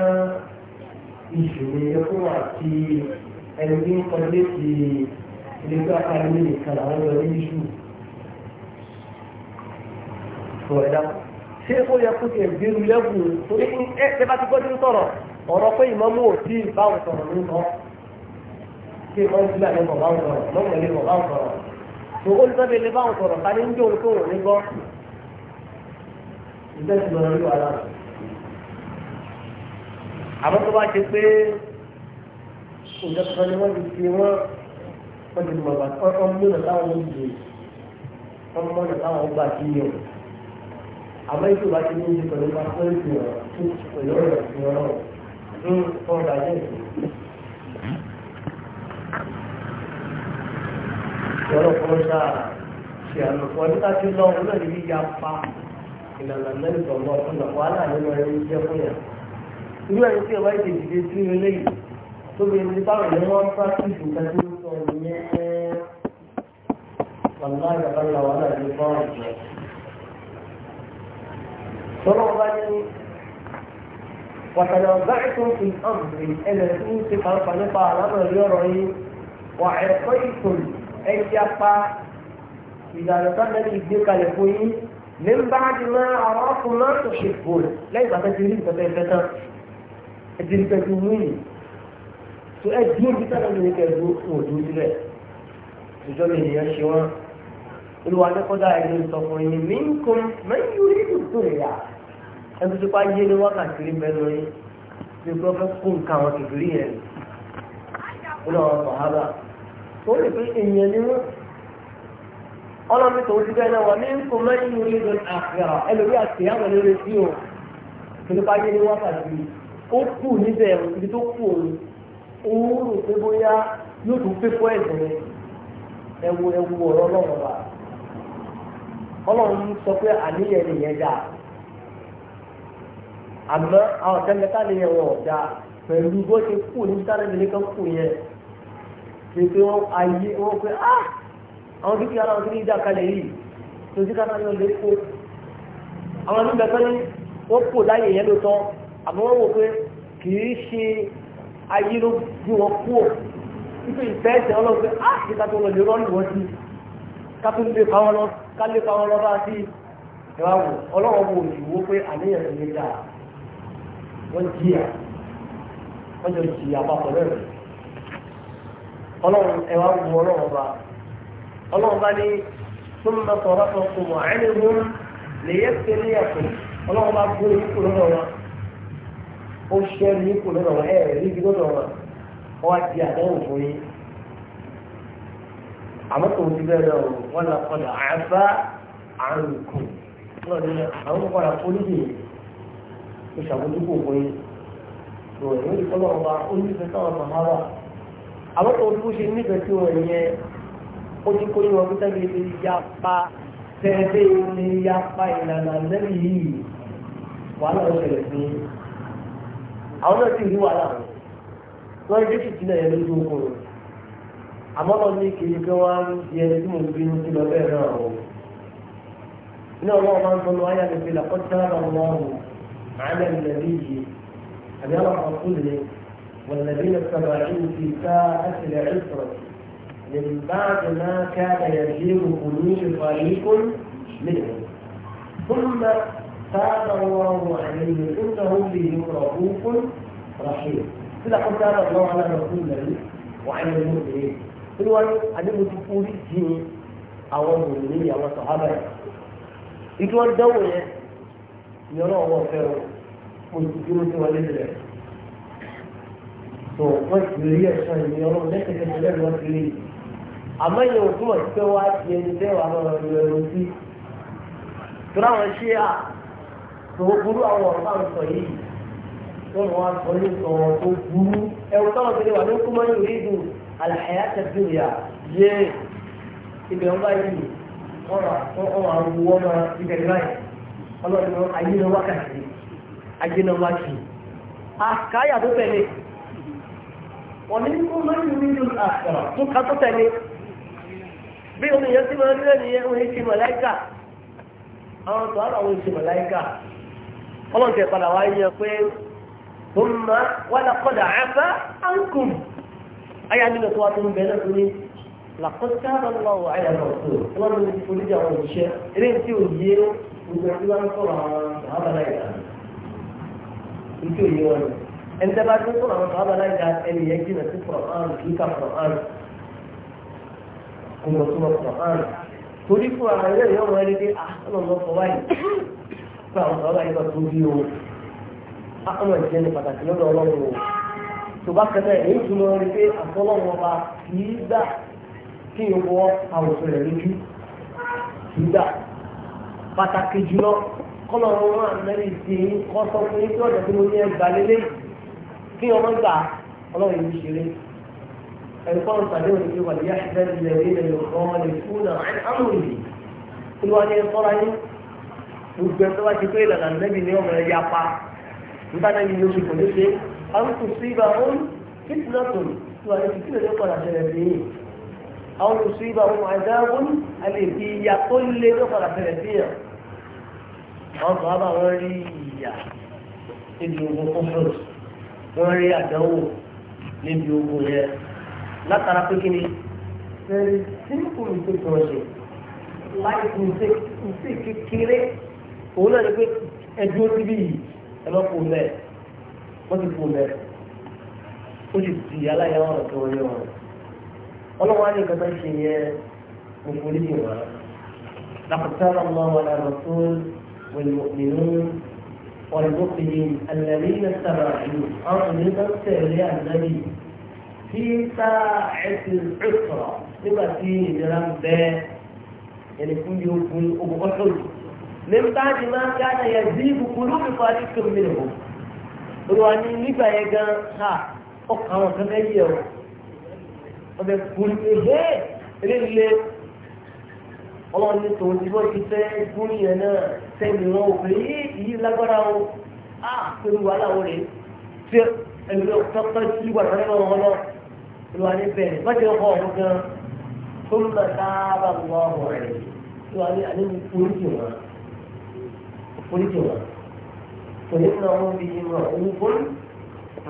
ìṣòro fún àti ẹni tí ń kọjú létí ilé tó àkàrí ní nìkan àwọn ọmọ ní iṣu. tó ẹ̀dá ṣé ó yẹ kó tiẹ̀ gbé lu lẹ́bùn torí ẹ ṣe bá ti gbọ́ tí ń sọ̀rọ̀ ọ̀rọ̀ pé ìmọ̀mú ò tí ì báwọn sọ̀rọ̀ ló ń kọ́ kí wọ́n ti láti bọ̀ báwọn sọ̀rọ̀ lọ́wọ́ ilé bọ̀ báwọn sọ̀rọ̀ tó ó ní ìfẹ́ ti lọ́rọ̀ yóò wà lára. àmọ́ tó bá ṣe pé òjò kan ni wọ́n ti fi wọ́n wọ́n ti mọ̀ bàtà wọ́n mú ọ̀nà táwọn ń jẹ wọ́n mú ọ̀nà táwọn ń gbà sí yẹn. àmọ́ ètò ìwà ti ní ìdí pẹ̀lú bá pẹ́ ìtò ọ̀rọ̀ pẹ̀lú ọ̀rọ̀ ìtò ọ̀rọ̀ ń ọ̀rọ̀ àjẹ́ ìtò. ọ̀rọ̀ kan ṣáà ṣe àlùkò ọdún tá a ti lọ òun náà ní yíya pa ìlànà mẹ́rìndọ̀ lọ fún ìlànà wàhálà nínú ẹni jẹ́ fún yà. irú ẹni tí ìwádìí ti dìde sí ilé yìí tó bí ẹni báwọn ìlú wọn bá sí ìdùnkà tó ń sọ ìyẹn wàhálà ìyàbá ìlà wàhálà ìlú báwọn ìjọ. tọ́lọ́ bá ní wàtàlá ọ̀gá ìtún fi ọ̀gbìn ẹnì tí ń ṣe pàǹpà nípa àlámọ̀ ìlú yìí wà ẹ̀kọ́ ìtòlù ẹ̀ ìdájọ́ sábẹ́ ìgbékalẹ̀ fún yín من بعد ما عرفوا ما تحبون لا يبقى تدريب فتاة سؤال تدومين تؤدين بتانا من كذو وجود له تجول هي شواء الوالد قد أعلم تقولين منكم من يريد الدنيا ẹni tó bá yé ni wákàtí rí mẹ́rin rí bí gbọ́ fẹ́ kó nǹkan àwọn kékeré yẹn ọlọ́run tó ti bẹ́ẹ̀ náà wà ní nkù mẹ́rin ní ìlú àfẹ́rà ẹlòmí àti àwọn eléré sí o tòlúpa yé ní wákàtí ó kù níbẹ̀ ibi tó kù òun òun pé bóyá yóò tún pé fún ẹ̀sìn rẹ ẹwu ẹwu ọ̀rọ̀ ọlọ́run wa ọlọ́run sọ pé àníyàn nìyẹn dà àmọ́ àwọn ọ̀dẹ́mẹ́ta nìyẹn wọn ọ̀dà pẹ̀lú bó ṣe kù ní sáré nìkan kù yẹn ṣe pé wọ́n ayé wọ́n pé ah àwọn kìkì ara wọn ti ní ìdá kalẹ̀ yìí tó sí káná yóò lè kó àwọn ẹni bẹ̀rẹ̀ pẹ́lú wọ́n kò láyè yẹn ló tán àmọ́ wọ́n wò pé kì í ṣe ayé ló bí wọ́n kú ọ̀ nítorí ìfẹ́ ẹ̀sẹ̀ wọn lọ pé á ah, ṣe ká tó lọ lè rọ́ọ̀lù wọn sí ká tó lè fa wọn lọ ká lè fa wọn lọ bá sí ìwà wò ọlọ́wọ́ wò ìwò pé àníyàn ló lè dà wọ́n jìyà wọ́n jọ jìyà papọ̀ lẹ́rẹ̀ẹ́ ọlọ́run ẹ̀wà wò ọlọ́run bá ọlọ́run bá ní súnmọ́ sọ̀rọ̀ kan kò mọ̀ ẹni hún lè yẹ kí ní na ó ṣe yín kò lọ́dọ̀ wọn ẹ̀ rí ibi lọ́dọ̀ wọn ọ wá di àdánwò fún yín àmọ́ tó ti bẹ́ẹ̀ lọ wọn là padà àrùn kù àwọn ó ṣàbójúkò fún yín bá ó ní ìfẹ́ sáwọn tó ti bó ṣe nífẹ̀ẹ́ ó ti kó yín wọn lè lè yapa tẹ́lẹ̀ lè yapa ìlànà lẹ́yìn yìí wàhálà ó ṣẹlẹ̀ sí i àwọn náà sì rí wàhálà wọn wọ́n yé fìtí náà yẹn lójú okòrò àmọ́ lọ ní kiri pé wọ́n á ń fi ẹni tí mo ń bínú lọ bẹ́ẹ̀ náà o iná ọlọ́run máa ń sọ lọ ayé àgbègbè làkọ́jú dára ọlọ́run àálẹ́ ìlẹ̀bí yìí àbí àwọn kan lè wọ̀lẹ̀bí lè sọ̀rọ̀ àìyí من بعد ما كان يبلغ بلوغ فريق منهم ثم تاب الله عليهم انه بهم رؤوف رحيم كده قلت الله على رسول الله وعلى المؤمنين كل واحد عدم تقول الدين او المؤمنين او الصحابه يجوا الدوله يرى هو فيه مسجون والدنا تو قد يريد شيء يرى لك كذلك وكذلك àmọ́ ìyẹn òkú mọ̀ sí pé wá ti ẹni tẹ́ wà lọ́rọ̀ ní ẹrù sí. Tura wọn ṣe à tòun burú àwọn ọ̀pá ń yìí. Wọ́n mọ̀ sọ ní sọ̀rọ̀ tó burú. Ẹ̀rù táwọn ti lè wà ní kú mọ́ yóò rídùn àlàyé àtẹ̀sí ìyà yé ibẹ̀ ń báyìí wọ́n wà wọ́n wọ́n mọ ibẹ̀ báyìí. Ọlọ́run ayé náà wákàtí ayé náà wákì. Àkáyà tó tẹ̀lé. Wọ́n ní kó mọ́ yóò rídùn àkàrà tó ká tó tẹ̀lé. bí omi yẹn ti máa ń onye nìyẹn òun èsì màláìkà àwọn tó àwọn òun èsì màláìkà ọlọ́run tẹ̀ padà wá yẹ pé tó ń ma wọ́n lọ kọ́dà àfá àǹkùn ayé àdúgbò tó wá tó ń bẹ náà tó ní lọ́wọ́ ayé àlọ́ tó wọ́n lọ sí polisi àwọn òṣìṣẹ́ eré tí ò yé gbogbo ẹni wọn àwọn ẹni kó mọ̀ tó mọ̀ kọ̀ hàn torí fún àwọn ẹgbẹ́ ìyá ọmọ ẹni pé àtọ́nà ah, ọkọ̀ báyìí fún àwọn ọ̀rọ̀ ayé bá tó bí o àtọ́nà ah, ìjẹ́ ní pàtàkì lọ́dọ̀ ọlọ́run o tó bá kẹta èyí tó mọ̀ ẹni pé àtọ́lọ́run ọba kì í gbà kí n wọ àwòsàn rẹ̀ lójú kì í gbà pàtàkì jùlọ kọ́nà ọ̀run náà lẹ́nu ìsìn kọ́ sọ fún tí ọ̀dọ̀ tí mo ní ẹgbàá lélẹ́yìn kí ọmọ gbà ọlọ́run yìí ẹnìkan sàdéhùn ní kí wàlúù yáṣẹ́ lẹ́yìn ilẹ̀ lọ́wọ́ lè fún náà àmúlì kí wọ́n ní sọ́ra yín gbogbo ẹ̀tọ́ bá ti pé ìlànà nẹ́bí ni ọmọ ẹ̀yà pa nígbà náà ni yóò fi kò ní ṣe àwọn kò sí ibà ó ń kíkì náà tó tí wàá ní kíkì lè ló padà ṣẹlẹ̀ sí yìí àwọn kò sí ibà ohun àdáwó àlè fi ìyà tó lé ló padà ṣẹlẹ̀ sí yàn àwọn kan bá wọn rí ìyà níbi ogun kófòrò wọn rí àdánwò níbi ogun yẹn látara pé kí ni very simple mistake wọ́n ṣe láì mistake mistake kékeré òun náà ni pé ẹdúró síbí yìí ẹ lọ fò mẹ wọ́n ti fò mẹ ó sì di aláyàwó ọ̀rọ̀ tó wọlé wọn ọlọ́wọ́ á ní nǹkan tó ń ṣe yẹn mo forí jù wọn lápùtàrà ọmọ wọn àrà tó wẹ̀lùmọ̀nìyàn wọn ìbókè yìí alẹ́ ní sábà yìí àwọn ènìyàn tẹ̀lé àdáyé sí sáàẹ́sì ìṣòro nígbà tí ìnira ń bẹ ẹni fún yóò fún ogun ọ̀tọ̀ yìí. nígbà tí máa ń gánà yẹ bí ibùkún ló fi parí tó mìíràn. olùwà ní nígbà yẹn gan ha ọkàn àwọn kan bẹ́ẹ̀ yẹ o. ọbẹ̀ kùn ẹ̀hẹ́ eléyìí ọlọ́run ní tòun tí wọ́n ti fẹ́ fún yẹn náà sẹ́ni wọn ò pé yìí lágbára o á pẹ̀lú wàhálà wọn rè é tí ẹni wà lọ́wọ́ wọn lọ́wọ́ olùwà ní bẹ̀rẹ̀ bọ́sẹ̀ ọkọ̀ ọ̀hún gan tó ń lọ sáábà wọ ọ̀rọ̀ rẹ̀ olùwà ní àní ní oríṣi wọn oríṣi wọn òní fún àwọn òbí yìí wọn òun bọ́n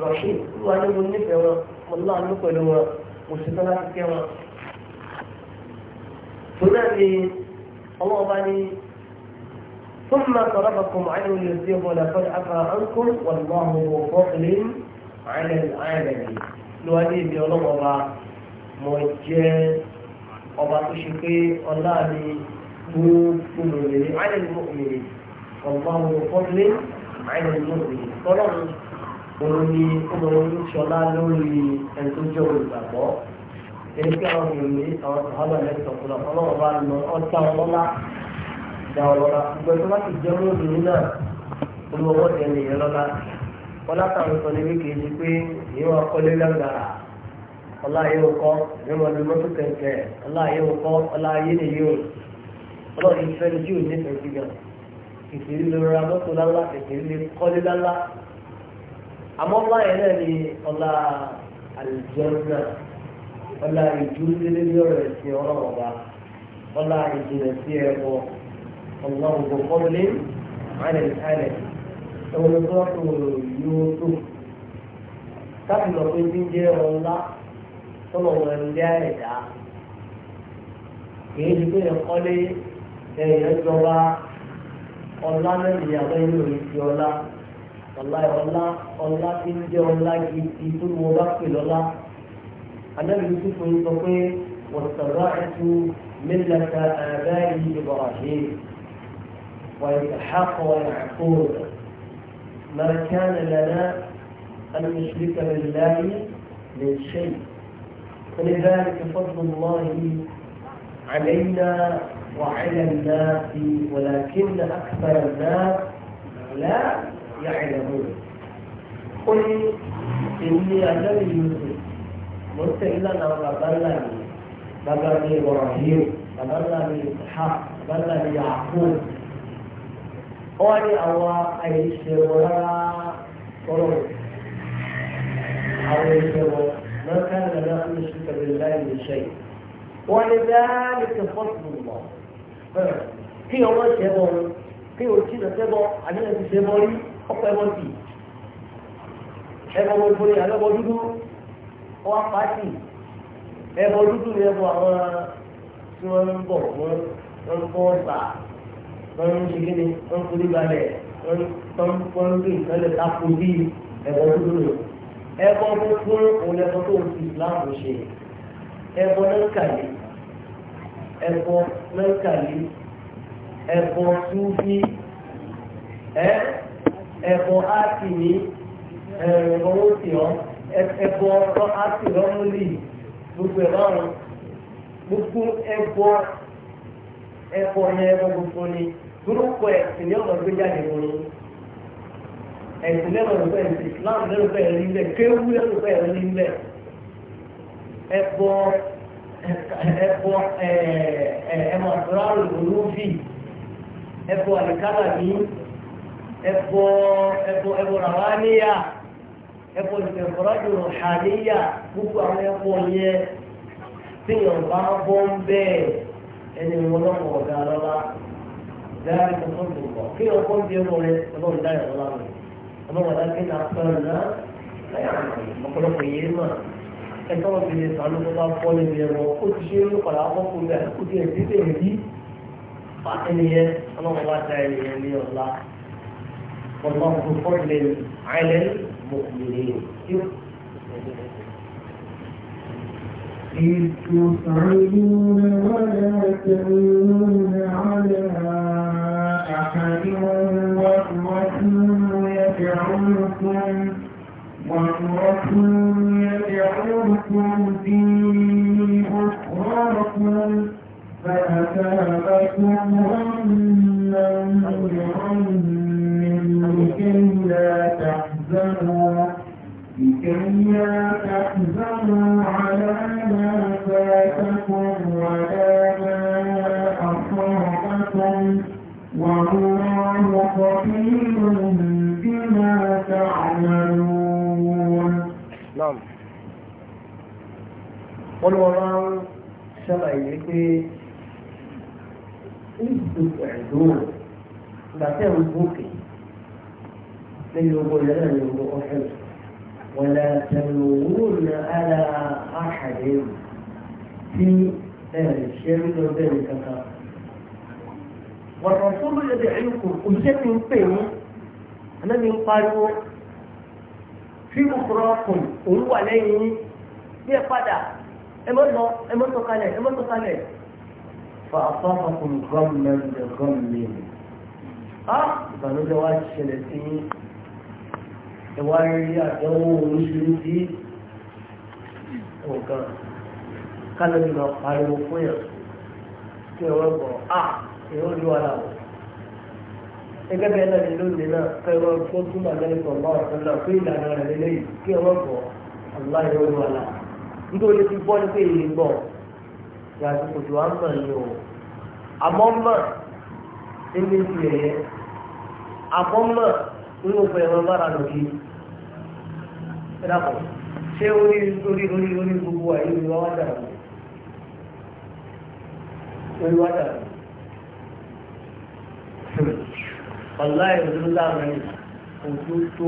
rọ̀ṣì olùwà ní mo nífẹ̀ẹ́ wọn mo lọ àánú pẹ̀lú wọn mo sì tán láti kẹ́ wọn. tòun ni ọmọ ọba ní ثم صرفكم عنه ليذيبوا لقد عفا عنكم والله ذو فضل على العالمين ló wá ní èmi ọlọ́wọ́ wa mo jẹ́ ọba tó ṣe pé ọlá mi gbogbo mèrè àìlèmọ mèrè ọba mo fọ́nlé àìlèmọ mèrè tọ́lọ́run òun ni ọmọ orin ṣọlá lórí ẹni tó jẹ́ olùgbàgbọ́ èyí tí àwọn mèrè àwọn sàhábà lẹ́sọ̀ fún ọ̀pọ̀ ọlọ́wọ́ bá lọ ọjà ọlọ́lá ìdá ọlọ́lá gbogbo ti jẹ́ olóògbé náà olùwọ́wọ́ tẹ̀lé lọ́lá fọlátàwọn sọ ní wíkì yìí pé yíwọ akọlé lágbára ọlá yíwọ kọ yíwọ ní mọtò kẹkẹ ọlá yíwọ kọ ọlá yé ni yíwọ ọlọ́run ìfẹ́ ní yíwọ nífẹ̀ẹ́ sí gan ìfìrí lè ra mọtò lálá ìfìrí lè kọlé lálá àmọ́ ọlá yẹn náà ni ọlá àlùjọ́nà ọlá ìdúródélé ní ọ̀rọ̀ ẹ̀sìn ọlọ́run ọba ọlá ìjìnlẹ̀ sí ẹ̀kọ́ ọlọ́run kò kọ́ lé àlẹ́ àlẹ́ ẹ̀wọ̀n ló tó yóò tó káàpì lọ pé bí ń jẹ́ ọ̀rọ̀ ńlá tọ́lọ̀ wọn ń dá ẹ̀dá kìí ṣe pé ẹ̀kọ́lé ẹ̀yẹ jọba ọ̀la náà ní àwọn ẹ̀yẹ òní ti ọ̀la ọ̀la ọ̀la ọ̀la ti ń jẹ́ ọ̀la gidi tó mú ọba pè lọ́la anábìyí tó fún yín sọ pé wọ́n sọ̀rọ̀ ẹ̀tú mílẹ̀ta àbáyé ìbọ̀ràṣẹ́ wọ́n ìhàkọ́ ẹ̀kọ́ rẹ̀. ما كان لنا أن نشرك بالله من شيء فلذلك فضل الله علينا وعلى الناس ولكن أكثر الناس لا يعلمون قل إني أنا يوسف قلت إلا أنا بلغني بلغني إبراهيم بلغني إسحاق بلغني يعقوب wọ́n ní àwọn àìṣèwọ̀ rárá ọ̀rọ̀ àwọn àìṣèwọ̀ mọ́ká nàná ń ṣe pẹ̀lú láì lè ṣe yìí. wọ́n ní dáàbì tó fọ́ọ̀tù mọ̀ kí ọmọ ṣe bọ̀ kí o tí lọ́sẹ̀ bọ̀ àdéhùn ti ṣe bọ̀ rí ọ̀pọ̀ ẹ̀bọ̀ tì ẹ̀bọ̀ gbogbo ní àlọ́bọ̀ dúdú wọ́n pàṣì ẹ̀bọ̀ dúdú ni ẹ̀bọ̀ àwọn tí wọ́n ń bọ̀ fún ń bọ̀ wọ́n ń ṣe kí ni wọ́n forí balẹ̀ wọ́n ń gbé nǹkan lẹ̀ tako bí ẹ̀bọ dúró ẹ̀bọ fún òun ẹ̀bọ tó ń fi ìsìláàmù ṣe ẹ̀bọ náà kàlí ẹ̀bọ náà kàlí ẹ̀bọ túnfí ẹ̀bọ átìní ẹ̀bọ wọ́tìọ́ ẹ̀bọ átìlọ́múlì gbogbo ẹ̀bọ àwọn gbogbo ẹ̀bọ ẹ̀kọ́ yẹn ẹ̀kọ́ gbogbo ni dúrókọ ẹ̀sìn ní ọ̀nà gbé jáde wọn ni ẹ̀sìn lẹ́nu ọ̀nà bẹ́ẹ̀ ní Islam lẹ́nu bẹ́ẹ̀ rí bẹ́ẹ̀ kéwú lẹ́nu bẹ́ẹ̀ rí bẹ́ẹ̀ ẹ̀kọ́ ẹ̀kọ́ ẹ̀mọ̀ àtúrárò olófì ẹ̀kọ́ àlìkálà ní ẹ̀kọ́ ẹ̀kọ́ ẹ̀kọ́ ràwáníyà ẹ̀kọ́ ìfẹ̀kọ́rájò rọ̀ṣàníyà gbogbo àwọn ẹ̀kọ́ yẹn tí yọ̀ọ̀ bá bọ́ ń bẹ́ẹ̀ ẹni wọn náà wọ̀ ọ̀gá lọ́la dáhà tó tó tó bọ̀ kí ọkọ̀ ń bí ẹnu rẹ ọlọ́run dáhà lọ́la mi ọlọ́run dáhà kí náà fẹ́ràn náà lẹ́yà ọ̀pọ̀lọpọ̀ yé mà ẹ̀tọ́ òbí ni sàánú tó bá fọ́ níbi ẹ̀rọ ó ti ṣe é padà fọ́kù bẹ́ẹ̀ ó ti ẹ̀dí tẹ̀ ẹ̀dí fa ẹniyẹn ọlọ́run bá da ẹniyẹn ní ọ̀la ọlọ́run fọ́ọ̀lẹ́ إذ تفعلون ولا تلون على أحد والرسول يدعوكم والرسول يدعوكم في أخراكم فأتابكم غما بغم لكي لا تحزنوا لكي لا تحزنوا على ما فاتكم ولا ما أصابكم والله خبير بما تعملون نعم والورع ṣàlàyé pé ìdùkú ẹ̀dùn ìgbà ń gòkè lẹ́yìn ogun ìrẹ́lẹ̀ ní ogun ọ̀hẹ́rẹ́ ولا تلوون على أحد في الشرك وذلك والرسول يدعيكم وشكل فيه أنا من قالوا في أخراكم وهو عليه هي قدع أمرنا أمرنا قالي أمرنا قالي فأصابكم غما بغم أه بنو جواز شلتين ẹwà rí àtẹwò oríṣiríṣi nǹkan kálọ́bì máa pariwo fún yàn kí ẹ̀rọ ẹ̀kọ́ à èrò ní wàhálà wọ̀. gẹ́gẹ́ bí ẹ̀rọ ìlú ní náà kẹ́rọ tó túmọ̀ lẹ́yìn kan bá wà sọ́dọ̀ pé ìlànà rẹ̀ lélẹ́yìn kí ẹ̀rọ ẹ̀kọ́ àlá èrò ní wàhálà. nítorí ti bọ́ ní pé èyí ń bọ̀ yàtọ̀ kòtò wá ń mọ̀ ní o. àmọ́ mọ̀ nínú ti ẹ̀yẹ àmọ́ lòdì ìdàpọ̀ ṣé orí orí orí orí gbogbo àyè olùwà wá dàrú olùwà dàrú ọ̀la ìlú láàmú ojú tó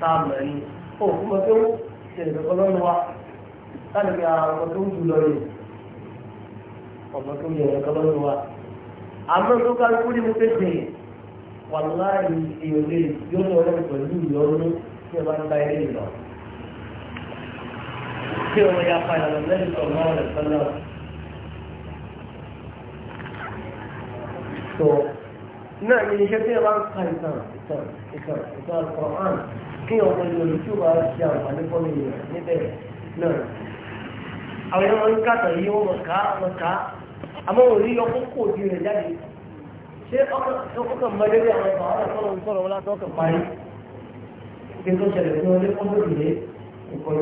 táàmù ẹni ó fún mi pé ó ṣẹlẹ̀ ọlọ́run wa láti fi àwọn ọmọ tó ń jù lọ yìí ọmọ tó ń yẹ ọ̀rọ̀ ọlọ́run tí ẹ bá ń ta ilé ìlọ́run tí ọmọ ya padà lọ lẹ́yìn tó máa rẹ̀ sọ́nà. tó náà ní iṣẹ́ tí ẹ bá ń ka ìtàn ìtàn ìtàn ìtàn Al-Qur'an kí ọmọ ìlú olùkí wa ṣe àǹfààní fọ́nmi yẹn níbẹ̀ náà. àwọn ọmọ ń kàtà yìí wọ́n mọ̀ ká mọ̀ ká àmọ́ òun rí ọkọ̀ kò di rẹ̀ jáde. ṣé ọkọ̀ kan mọ́lẹ́ bí àwọn ọ̀rọ̀ sọ̀rọ̀ sọ̀rọ̀ wọn látọ̀ kàn parí. ìgbésọ̀ ṣẹlẹ̀ fún ọdún kọ́ńtò ìlé ìkọ̀lù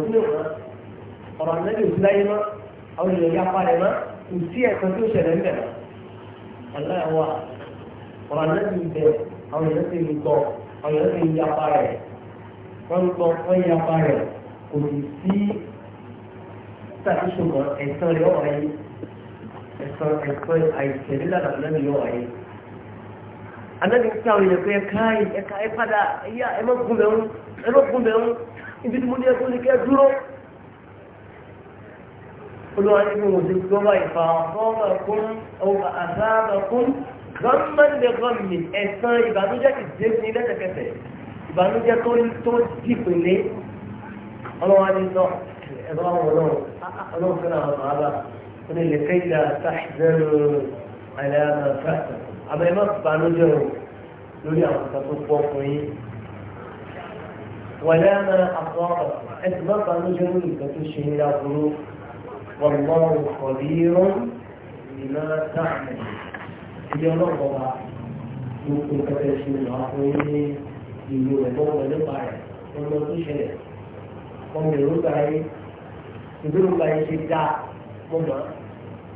ọ̀rọ̀ ànábì òsì láyé mọ́ àwọn èèyàn yá parẹ́ mọ́ kò sí ẹ̀kan tí ó ṣẹlẹ̀ ń bẹ̀ mọ́ aláyàwó ọ̀rọ̀ ànábì ń bẹ àwọn èèyàn ti ń gbọ́ àwọn èèyàn ti ń yá parẹ́ wọ́n ń gbọ́ wọ́n yá parẹ́ kò sì sí sàtúnṣe ẹ̀sán rẹ̀ ọ̀rọ̀ yìí ẹ̀sán ẹ̀sán àìsèlè lára ànábì ọ̀rọ̀ yìí ànábì ń sáwọn èèyàn pé ẹ̀ka ẹ̀ka ẹ̀ padà ẹ̀yà ẹ̀ mọ́ gúnbẹ̀ ń ibi tí mo ní ẹkún ní kẹ́ dúró olùwàjúwò ti gbọ́mà ìfàwọ̀fọ́mọ̀kún ọwọ́ àzáàbọ̀kún gọ́ọ̀mọ̀lẹ́gọ́ọ̀mì ẹ̀sán ìbànújẹ́ ti dé sí lẹ́sẹ̀kẹsẹ̀ ìbànújẹ́ tó dìpínlẹ̀ ọlọ́wàjúwò ẹ̀rọ ọlọ́run fẹ́ràn àwọn àbá ní lẹ́kẹ́ ìlà tàṣẹ́rù àìlẹ́yàmọ̀ fẹ́sẹ̀ àbẹ̀ má bànújẹ́ o lórí àwọn kan tó pọ̀ fún yín wàlẹ́yàmọ̀ àkọ́ ẹ̀sìn má bànújẹ́ lórí ìgbà ṣe é والله خبير بما تعمل ìyẹn ọlọ́pọ̀ wa gbogbo kẹfẹ́ sí ìlú àkóyè ní ìlú rẹ̀ bọ́ọ̀ pẹ̀lú pa rẹ̀ ọmọ tó ṣẹlẹ̀ ọmọ ìlú gba yé ìdúró gba yé ṣe dá mọ́ mọ́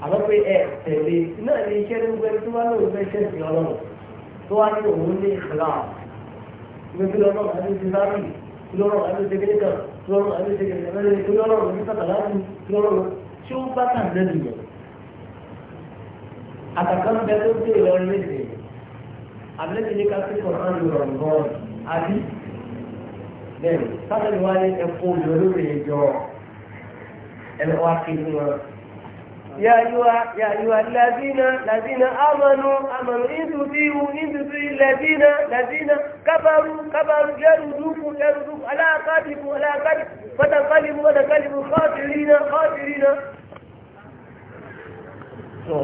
àmọ́ pé ẹ tẹ̀lé náà ní iṣẹ́ ní gbẹ́rẹ́ tó wá lóun fẹ́ ṣẹ́ sí ọlọ́run tó wá ní òun ní ìkìlá gbogbo ọlọ́run àti ti sáré lọ́rọ̀ àti ti kékeré kan àti ti kékeré kan àti ti tí ó bá tàn lẹ́nu lọ àtàkà ń bẹ tó dé ìlọrin léde àbílẹ́bí ní ká sí kọ̀ọ̀kan lọ rọ̀ǹgọ́n àbí bẹ́ẹ̀ sábẹ́ni wá ní ẹ̀kọ́ olórí ìjọ ẹ̀rọ wa kí fún wa. يا أيها يا أيها الذين الذين آمنوا آمنوا إن تطيعوا إن تطيعوا الذين الذين كفروا كفروا يردوكم يردوكم على أعقابكم على أعقابكم فتنقلبوا فتنقلبوا خاسرين خاسرين tó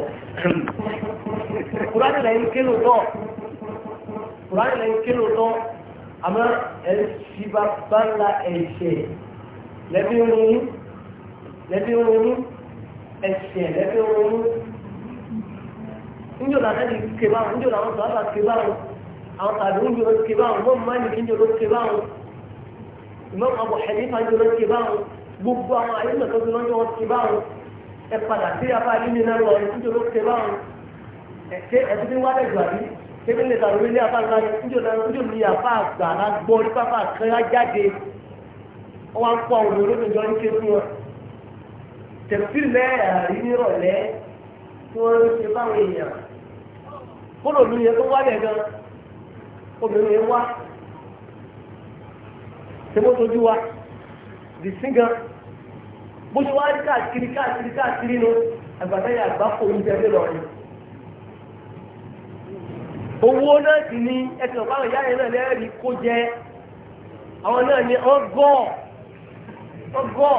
kúránì lẹ́yìn kí ló tọ́ kúránì lẹ́yìn kí ló tọ́ àmọ́ ẹ̀ ṣìbá bá ńlá ẹ̀ṣẹ̀ lẹ́bí ronú lẹ́bí ronú ẹ̀ṣẹ̀ lẹ́bí ronú níjọ́ làwọn ẹ̀dì ké báwọn níjọ́ làwọn sọ̀rọ̀ àbá ké báwọn àwọn tàbí níjọ́ ló ké báwọn mọ́ mọ́ ní níjọ́ ló ké báwọn ìmọ̀ àbọ̀ ẹ̀dí fà níjọ́ ló ké báwọn gbogbo àwọn àyè ẹ padà sí apá yìí ní náà lọ nítorí ó ṣe báwọn ẹ̀ṣẹ́ ẹ̀ṣẹ́ tí wọ́n á dẹ̀gbà rí kébí lè tàbí wílé apá ní ní apá àgbà náà gbọ́ ní pápá àkẹ́rẹ́ jáde wọ́n wá ń pọ̀ òun ké fún wọn. tẹ̀síìlì mẹ́rin àrí nírọ̀lẹ́ tí wọ́n ń ṣe báwọn èèyàn kóló mi yẹ kó gan obìnrin bó ṣe wá rí káàkiri káàkiri káàkiri nu àgbàdáyà àgbákò oúnjẹ dé lọ rí owó náà sì ni ẹsẹ̀ ọ̀páwọn ìyá yẹn náà lẹ́rìí kó jẹ àwọn náà ni ọgọ́ ọgọ́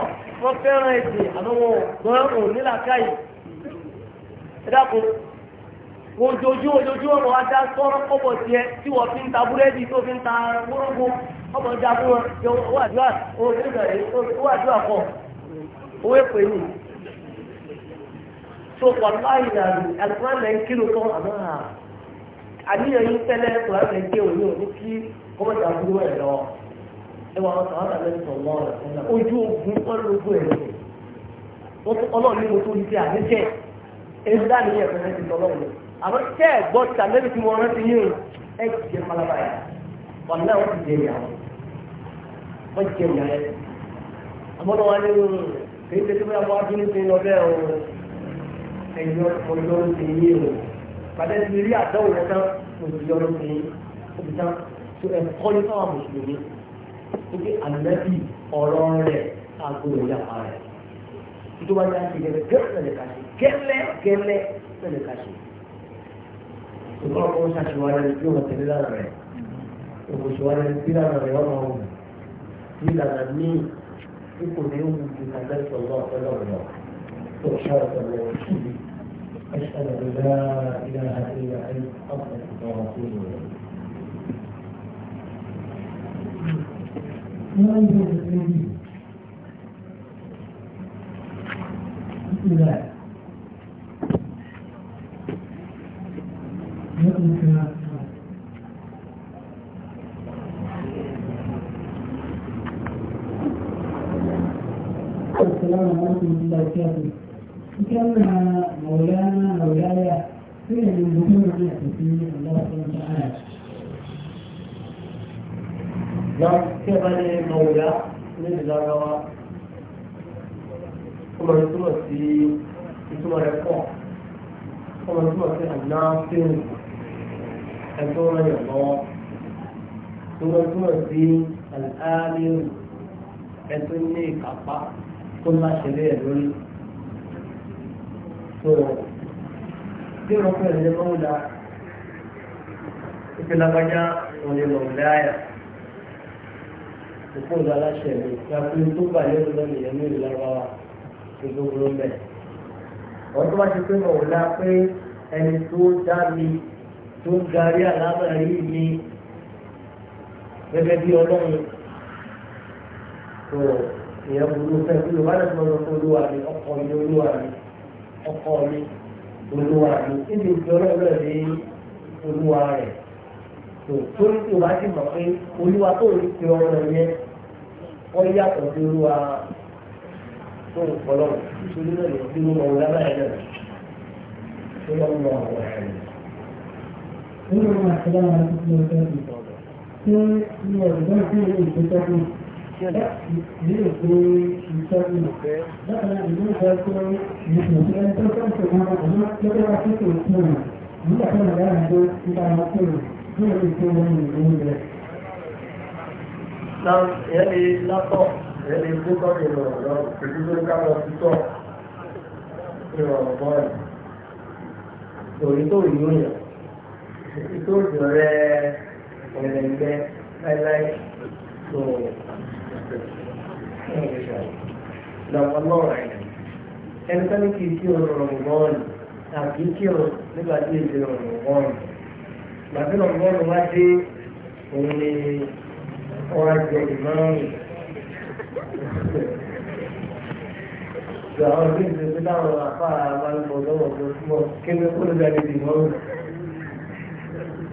wọ́n fẹ́ràn ẹ̀sìn àtọwọ́ gbọ́n òun nílàkàyè ẹ dákun ojojú ojojú ọmọ wa dá sọ́rọ́ kọ́bọ̀ tiẹ̀ tí wọ́n fi ń ta búrẹ́dì tó fi ń ta wúrúgbó ọmọ ìjà fún wọn wọ́n àdúrà kọ́ owó èpè ní so wàláyé náà alukuran náà ń kí ló tán àmọ́ àníyàn yín tẹ́lẹ̀ kuran náà ń kí òun yóò ní kí kọ́mọ̀tì àbúrò ẹ̀ lọ ẹ wà wọn sàwọn àgbẹ̀ sọ̀ wọ́n rẹ̀ fún náà ojú ogun wọn lójú ẹ̀ lọ wọ́n tún ọlọ́run ní mo tó ní ti àníjẹ́ èyí dáníyàn fẹ́ẹ́ ti tọ́ lọ́wọ́ àmọ́ tẹ́ ẹ̀ gbọ́ tí àlẹ́bí tí mo rántí yín ẹ jẹ́ palaba yìí wọn náà wọ́n ti jẹ́ ìyàwó wọ́n jẹ́ ìyàwó àmọ́ náà wọ́n á ní kì í ṣe pé àwọn abúlé ti lọ bẹ́ẹ̀ o ẹ̀yìn ọlọ́run ti yé o bàtẹ́ ti rí àdánwò rẹ tán mùsùlùmí ọlọ́run ti yé òbí tán tó ẹ̀kọ́ ní fáwọn mùsùlùmí níbi ànábì ọ̀rọ̀ rẹ̀ àgbo ìyapa rẹ̀ tó bá yá sí gẹ́lẹ́ gẹ́lẹ́ gẹ́lẹ́ gẹ́lẹ́ kàṣe ṣùgbọ́n ọkọ̀ ṣàṣìwárí ẹni tí ó wọ́n tẹ̀lé lára rẹ̀ òkòṣìwárí ẹni tí lára rẹ̀ ọ̀rọ̀ كل يوم في ذلك الله فذرنا تحشرة ووحيدي أشهد أن لا إله إلا أنت أصدق ورسول الله. náà fi ẹ̀tọ́ rẹ̀ lọ́wọ́ tó lọ túmọ̀ sí àlùkáàlérò ẹ̀tọ́ ní ìkápá tó láṣẹ bẹ́ẹ̀ lórí. tó bí wọ́n fẹ́rẹ̀ lé mọ́wúdà ìpínlágbájá wọn lè lọ rẹ̀ àyà òkú ìlú aláṣẹ mi ìyàpẹ́ tó bà lẹ́nu lọ́nà ìyẹn ní ìlú lárúbáwá gbogbo gbogbo mẹ́. ọ̀tún wá ti pé mọ̀wúdà pé ẹni tó dá mi tó ń garí àlábàá yìí mi gẹ́gẹ́ bí ọlọ́run tó ìyẹn burú fẹ́ kí ló bá lè sọ̀rọ̀ fún olúwa mi ọkọ mi olúwa mi ọkọ mi olúwa mi níbi ìfẹ́ ọlọ́run ní olúwa rẹ̀ tó tó ní tí o bá ti mọ̀ pé olúwa tó ń fi ọ̀rọ̀ yẹn wọ́n yàtọ̀ sí olúwa tó ń fọlọ́ nítorí náà lè fi olúwa ọ̀rọ̀ lábàá yẹn náà. الله عليه nínú àwọn àṣẹlára àti ìlú ọjọ́ tí ní ọ̀dọ́ sí ilé ìgbésọ́kù ilé ìgbé ìṣẹ́gun látara ìlú ìgbà tó ìṣẹ̀lẹ̀ tó ń tọ́jú ìṣẹ̀gun àwọn lọ́jọ́ wa tó kò tó rẹ̀ nígbà tó rẹ̀ lára ẹgbẹ́ nígbà wọn tó rẹ̀ ní èdè tó wọn ní ìlú rẹ̀. ẹni látọ̀ ẹni tó tọ́jú ìrọ̀rọ̀ pẹ̀lú ló ń ká lọ sí tọ́ ìrọ̀rọ̀ bọ́ọ̀lù òrí tó rí ó yàn tó jọ rẹ ẹlẹgbẹ láíláí tó lọ́wọ́ lọ́rọ̀ ẹni tó ní kí n kí ọ̀rọ̀ rọ̀mùbọ́ọ̀lù tàbí kí ọ̀rọ̀ nígbà tí èdè rọ̀mùbọ́ọ̀lù gbàtí rọ̀mùbọ́ọ̀lù wá dé òun ni ọ̀rọ̀ àjọ ìmọ̀ràn àwọn ọdún ìṣẹ̀lẹ̀ pé táwọn afá máa ń bọ̀ lọ́wọ́ tó túmọ̀ kí ni kó ló dá lè dìbò ọ̀rọ̀.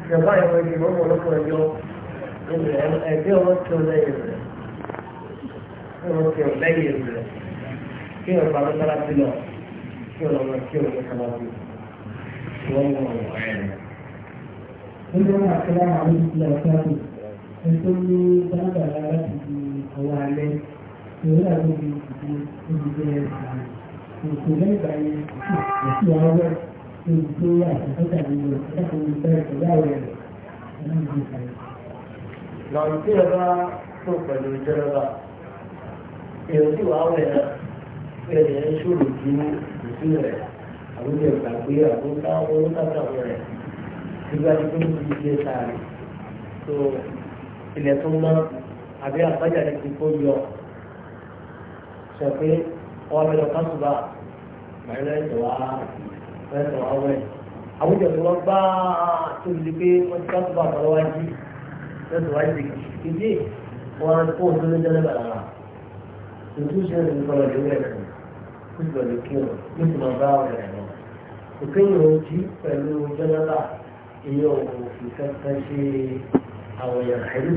ìjọba ìwọ̀n ìdìbò ọmọ ọlọ́pàá ẹjọ́ ẹgbẹ́ ọmọ tí ó lẹ́yìn rẹ̀ ọmọ tí ó lẹ́yìn rẹ̀ kí ọ̀pá mọ́tàlá ti lọ kí ọlọ́mọ kí ọ̀rọ̀ kàlá bí wọ́n mọ̀ ọ̀rẹ́ rẹ̀. ó jẹ́ wọn àkẹ́lá àwọn ìṣẹ̀lẹ̀ ọ̀ṣọ́ àti ẹ̀ṣọ́ ní dáńdà láti di ọwọ́ alẹ́ ìrọ̀lẹ́ àwọn olùdíje olùdíje ẹ̀ka òkú lẹ́gbà yẹn òkú àwọ̀ olùdíje àtẹ̀tẹ̀tà tó ń mọ́ àbí àbájáde ti kó yọ sọ pé ọwọ́ mẹ́lọ kan tó bá wá mẹ́lẹ́ wá wẹ̀. àwùjọ tó wọ́n gbá tó lè pé wọ́n ti káàtó bá àbọ̀lọ́wá jí mẹ́lẹ́ wá jí ìdí wọn á kó òṣèlú jẹ́lẹ̀ bàlára. ìtú ṣe ń lọ lórí rẹ̀ kó sì lọ́ọ́ lè kí wọn yóò sì bá ọ̀rẹ́ rẹ̀ lọ. òkè ìrò jí pẹ̀lú jẹ́nẹ́lá ìyẹn òkú ìfẹ́ fẹ́ ṣe àwọn èèyàn àìlú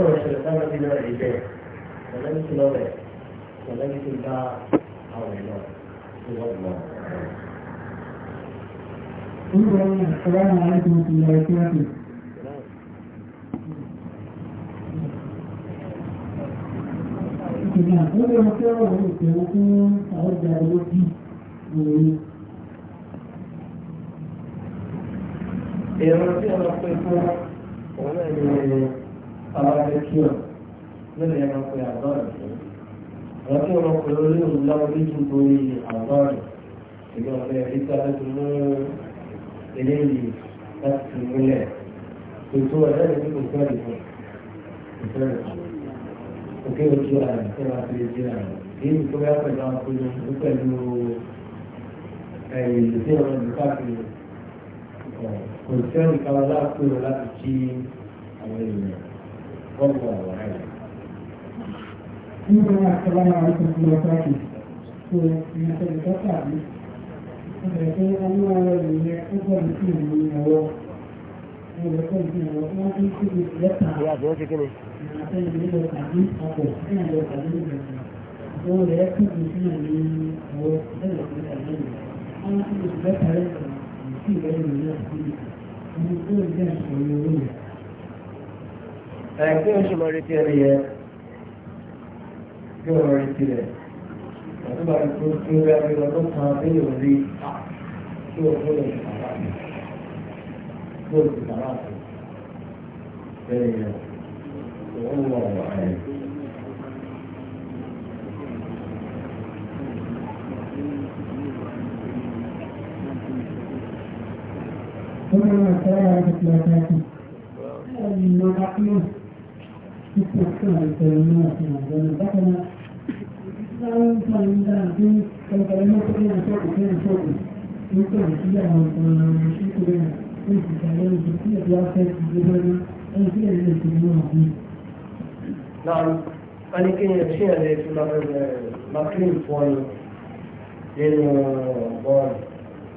sọ̀rọ̀ ṣẹlẹ̀ sábà bí náà rí bẹ́ẹ̀ mọ̀lẹ́bí ti lọ́rẹ̀ mọ̀lẹ́bí ti bá àwọn ẹ̀ náà tó alábẹ́ kí ọ̀ lórí ẹran pé àgọ́ rẹ̀ fún ọ̀rọ̀ tí wọ́n pè lórí òun lọ́wọ́ bí ju borí àgọ́ rẹ̀ ìgbà ọ̀fẹ́ ìta láti mú eléyìí láti fi múlẹ̀ ètò ọ̀rẹ́ rẹ̀ kò fẹ́ rẹ̀ fún ìfẹ́ rẹ̀ fún òkè ojú ààrẹ tí wọ́n fi ojú ààrẹ èyí tó yá pẹ̀lú àwọn akóyọ pẹ̀lú ẹ̀yìn tí wọ́n lè káàkiri kò fẹ́ràn ìkáwọ́ láàpẹ̀rọ láti kí àwọn ènìyàn. والله أعلم. السلام عليكم ورحمة الله وبركاته. So, من سبب Ìgbàgbé àwọn ọmọ ìyẹn ọjọ́ ìpín ìlú ìyàwó. Ìgbàgbé ìgbìyànjú wọn ti ń ṣe ìgbẹ́ta. Ìyàgbé ó ti kí ni? Ìgbàgbé ìlú tàbí àpò ní àjọ tàbí ìgbàgbé. Ìgbàgbé rẹ̀ kí ìgbìyànjú ní ọwọ́ ìgbàgbé ìgbàgbé. Wọ́n ti ìgbẹ́ta rẹ̀ sí ìgbàgbé ìlú náà sí ìgbàgbé ìgbàgbé ẹ̀ kí o ṣe mọ retí ẹni yẹ kí o mọ retí rẹ̀ àti bá tó tó rẹ̀ àti lọ tó kan bí yóò rí kí o tó lè sàrà kí o sì sàrà tó ẹni yẹ kò ń wọ ọ̀rọ̀ ẹ̀. Thank you. كما يسمون في مجال بطنة لا يمكن أن يكون الكلمات بين صوت بين صوت يمكن أن يكون شيء بين أنت تعلم كثير يأخذ بين أنت اللي تسمعه نعم أنا كنت أشياء اللي في مكرين فوق لأنه بون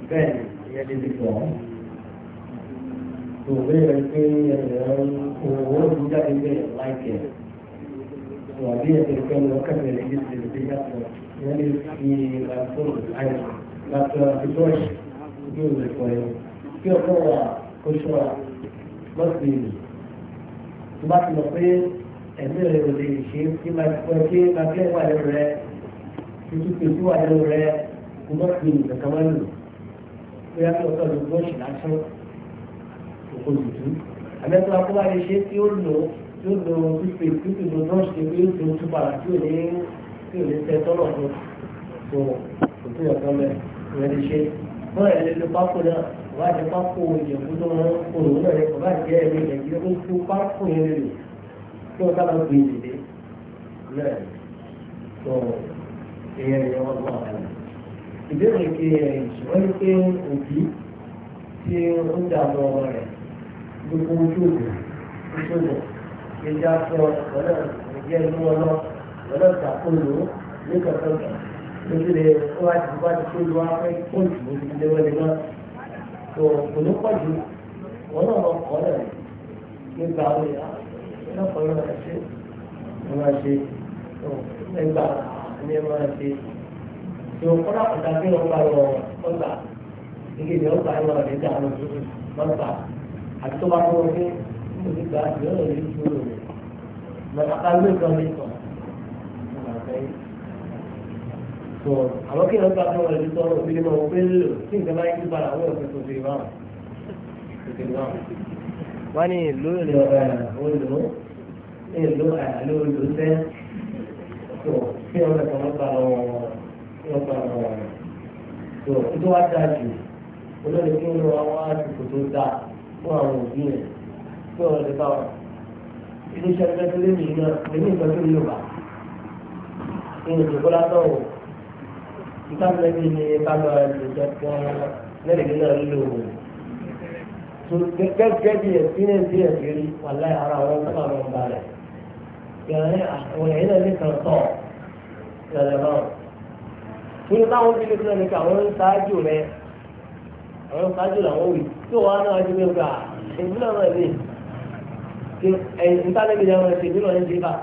بين يلي بيقول kò béèrè pé ẹ̀rọ owó ti jáde bẹ́ẹ̀ láìpẹ́ wàbí ẹ̀sẹ̀ pẹ́ lọ kẹ́kẹ́ lè ní ìṣẹ̀lẹ̀ tó yàtọ̀ wọ́n lè fi làtọ́ọ̀lù àìsàn làtọ̀ àti bọ́ọ̀ṣì ní òwe pọ̀ ẹ̀ kí ọkọ̀ wà kó ṣọ́ra lọ́sì ìlú tó bá ti mọ̀ pé ẹ̀mí rẹ̀ ò lè ṣe kí máa ti pọ̀ kí máa kẹ́ wà lẹ́nu rẹ̀ tuntun tó wà lẹ́nu rẹ̀ kó má fi nǹkan kan wá lò bóyá kí ọkọ̀ lọ bọ́ọ̀ṣì lásán olùdú àbẹ́tọ́ akọ́wáyé ṣe tí ó lò tí ó lò pípé pípé lò náà ṣe pé ó ti ojú padà tí ò ní tí ò ní tẹ tọ́lọ̀ fún tó kò tó yẹ kán bẹ́ẹ̀ ìyẹn ti ṣe bọ́ọ̀ ẹ̀ lè lo pákó náà wá jẹ pákó ìjẹ̀kú tó máa ń kó òun náà yẹ kó bá jẹ́ ẹ̀mí nàìjíríà tó kú pákó yẹn lè lò kí wọ́n sábà gbé ìdílé náà tó ìyẹn ìyẹn wọn bọ̀ pé òbí tí ó ń dààmú ọmọ rẹ̀ gbogbo ojú òkè ìṣòwò ìjà sọ ọ̀rẹ́ ìjẹ́ inú ọlọ́ ọ̀rẹ́ ìtàkùnlò nígbàkan lójú rẹ̀ ó wá ti bá ti kójú wá pé kóòtù ló ti lé wọlé náà tó kò ní pọ̀ jù wọn náà lọ kọ́ rẹ̀ nígbà wo yá lọ́kọ̀ ló máa ṣe ló máa ṣe tó nígbà ní máa ṣe tó kọ́lá pàtàkì ọgbà lọ ọgbà ìgbìyànjú ọgbà lọ rẹ̀ dànù lọ́gbà àti tó bá tó wọn pé mo ti gbà àti ọ̀rọ̀ yìí tó lò rẹ̀ lọ́dọ̀ ká ló gan ní sàn nígbà sẹ́yìn. tó àwọn kí lọ́dọ̀ àti ọ̀rọ̀ yìí tó ọ̀rọ̀ òbí ni mo wọ pé lò tí nǹkan bá yẹ kí padà wọ́n ti tòṣe ìbáwọ̀ tòṣe ìbáwọ̀. wọ́n ní ìlú ìlú olùdó ìlú àlọ́ olùdó sẹ́ tó kí wọ́n lè kọ́ gbà lọ́wọ́ wọn gbà lọ́wọ́ wọn. tó ìtọ́wá dáa jù kí wọ́n lọ wá àsìkò dáa fún àwọn òbí rẹ̀ pé ọ̀rọ̀ ti bá wà. iléeṣẹ́ pẹ́tẹ́lẹ́ mi náà pé ní ìtọ́jú ní yorùbá ìrìn òjò kọ́lá wò ìta mẹ́bí ni ká lọ ìjọ kan lẹ́rìndín náà lò wò. gẹ́gẹ́ bí ẹ̀sìnẹ́sì ẹ̀sìn rí wà láì ara àwọn ọmọ àwọn ọba rẹ̀ ìrìn àwọn ẹ̀yìn náà ní kan tọ̀ ìrìn náà nínú tí wọ́n náà ju mi gbà èmi náà máa lè ìtàlẹ́bí lẹ́wọ̀n ẹ̀sìn ìbílọ̀ ní ti bá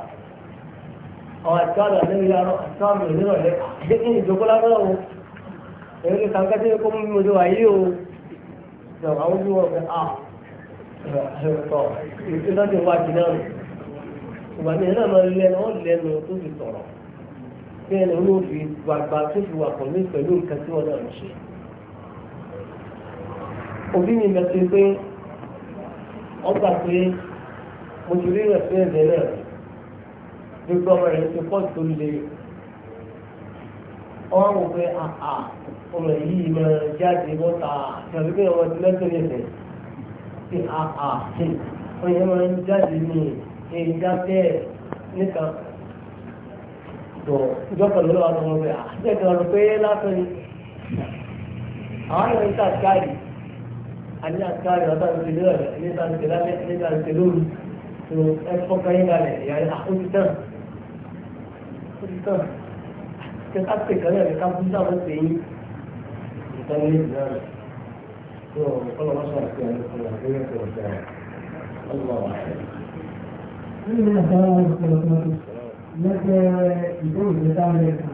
àwọn àtúwàdà lẹ́wọ̀n ìyàrá àtúwàmì òmìnira rẹ̀ ní ìjókòó lábẹ́ o èyí ni kàńkà tí kò mú mi lò wáyé o ṣe àwọn ojú wọn fẹ́ ah ẹ̀rọ ìṣúná ti wá jìnnà rẹ̀ ìgbà mi náà máa lẹ́nu wọ́n lẹ́nu tó fi sọ̀rọ̀ kí ẹni olóòfin gbàgbà tó fi wà pọ̀ ní pẹ̀lú nǹkan tí wọ́n náà ń ṣe òbí mi bẹ̀ ṣe pé ọgbà pé mo ti rí rẹ̀ fún ẹ̀jẹ̀ náà gbogbo ọmọ rẹ̀ ṣe pọ̀ tó le wọ́n wò pé àà ọmọ yìí máa jáde bọ́ta tàbí pé ọmọ ti lẹ́sẹ̀ lẹ́sẹ̀ sí àà wọ́n yẹn máa ń jáde ní ẹ̀yà bẹ́ẹ̀ níta tó ìjọba lọ́wọ́ ọmọ rẹ̀ àti ẹ̀ka ọ̀rọ̀ pé lásán ni àwọn ọmọ yìí tà káàdì àní àkáàrí ọ̀tá ti lé ọ̀rẹ́ nígbà tí lálẹ́ nígbà tí lóru tó ẹ fọ́kàn yín balẹ̀ ìyá àkójú tán àkójú tán kẹta pè kẹlẹ́ ẹ̀ka bú sáwọn pè yín ìtàn ní ìlú náà tó ọlọ́ wá sọ̀rọ̀ pé ẹni fún wa lórí ẹ̀kọ́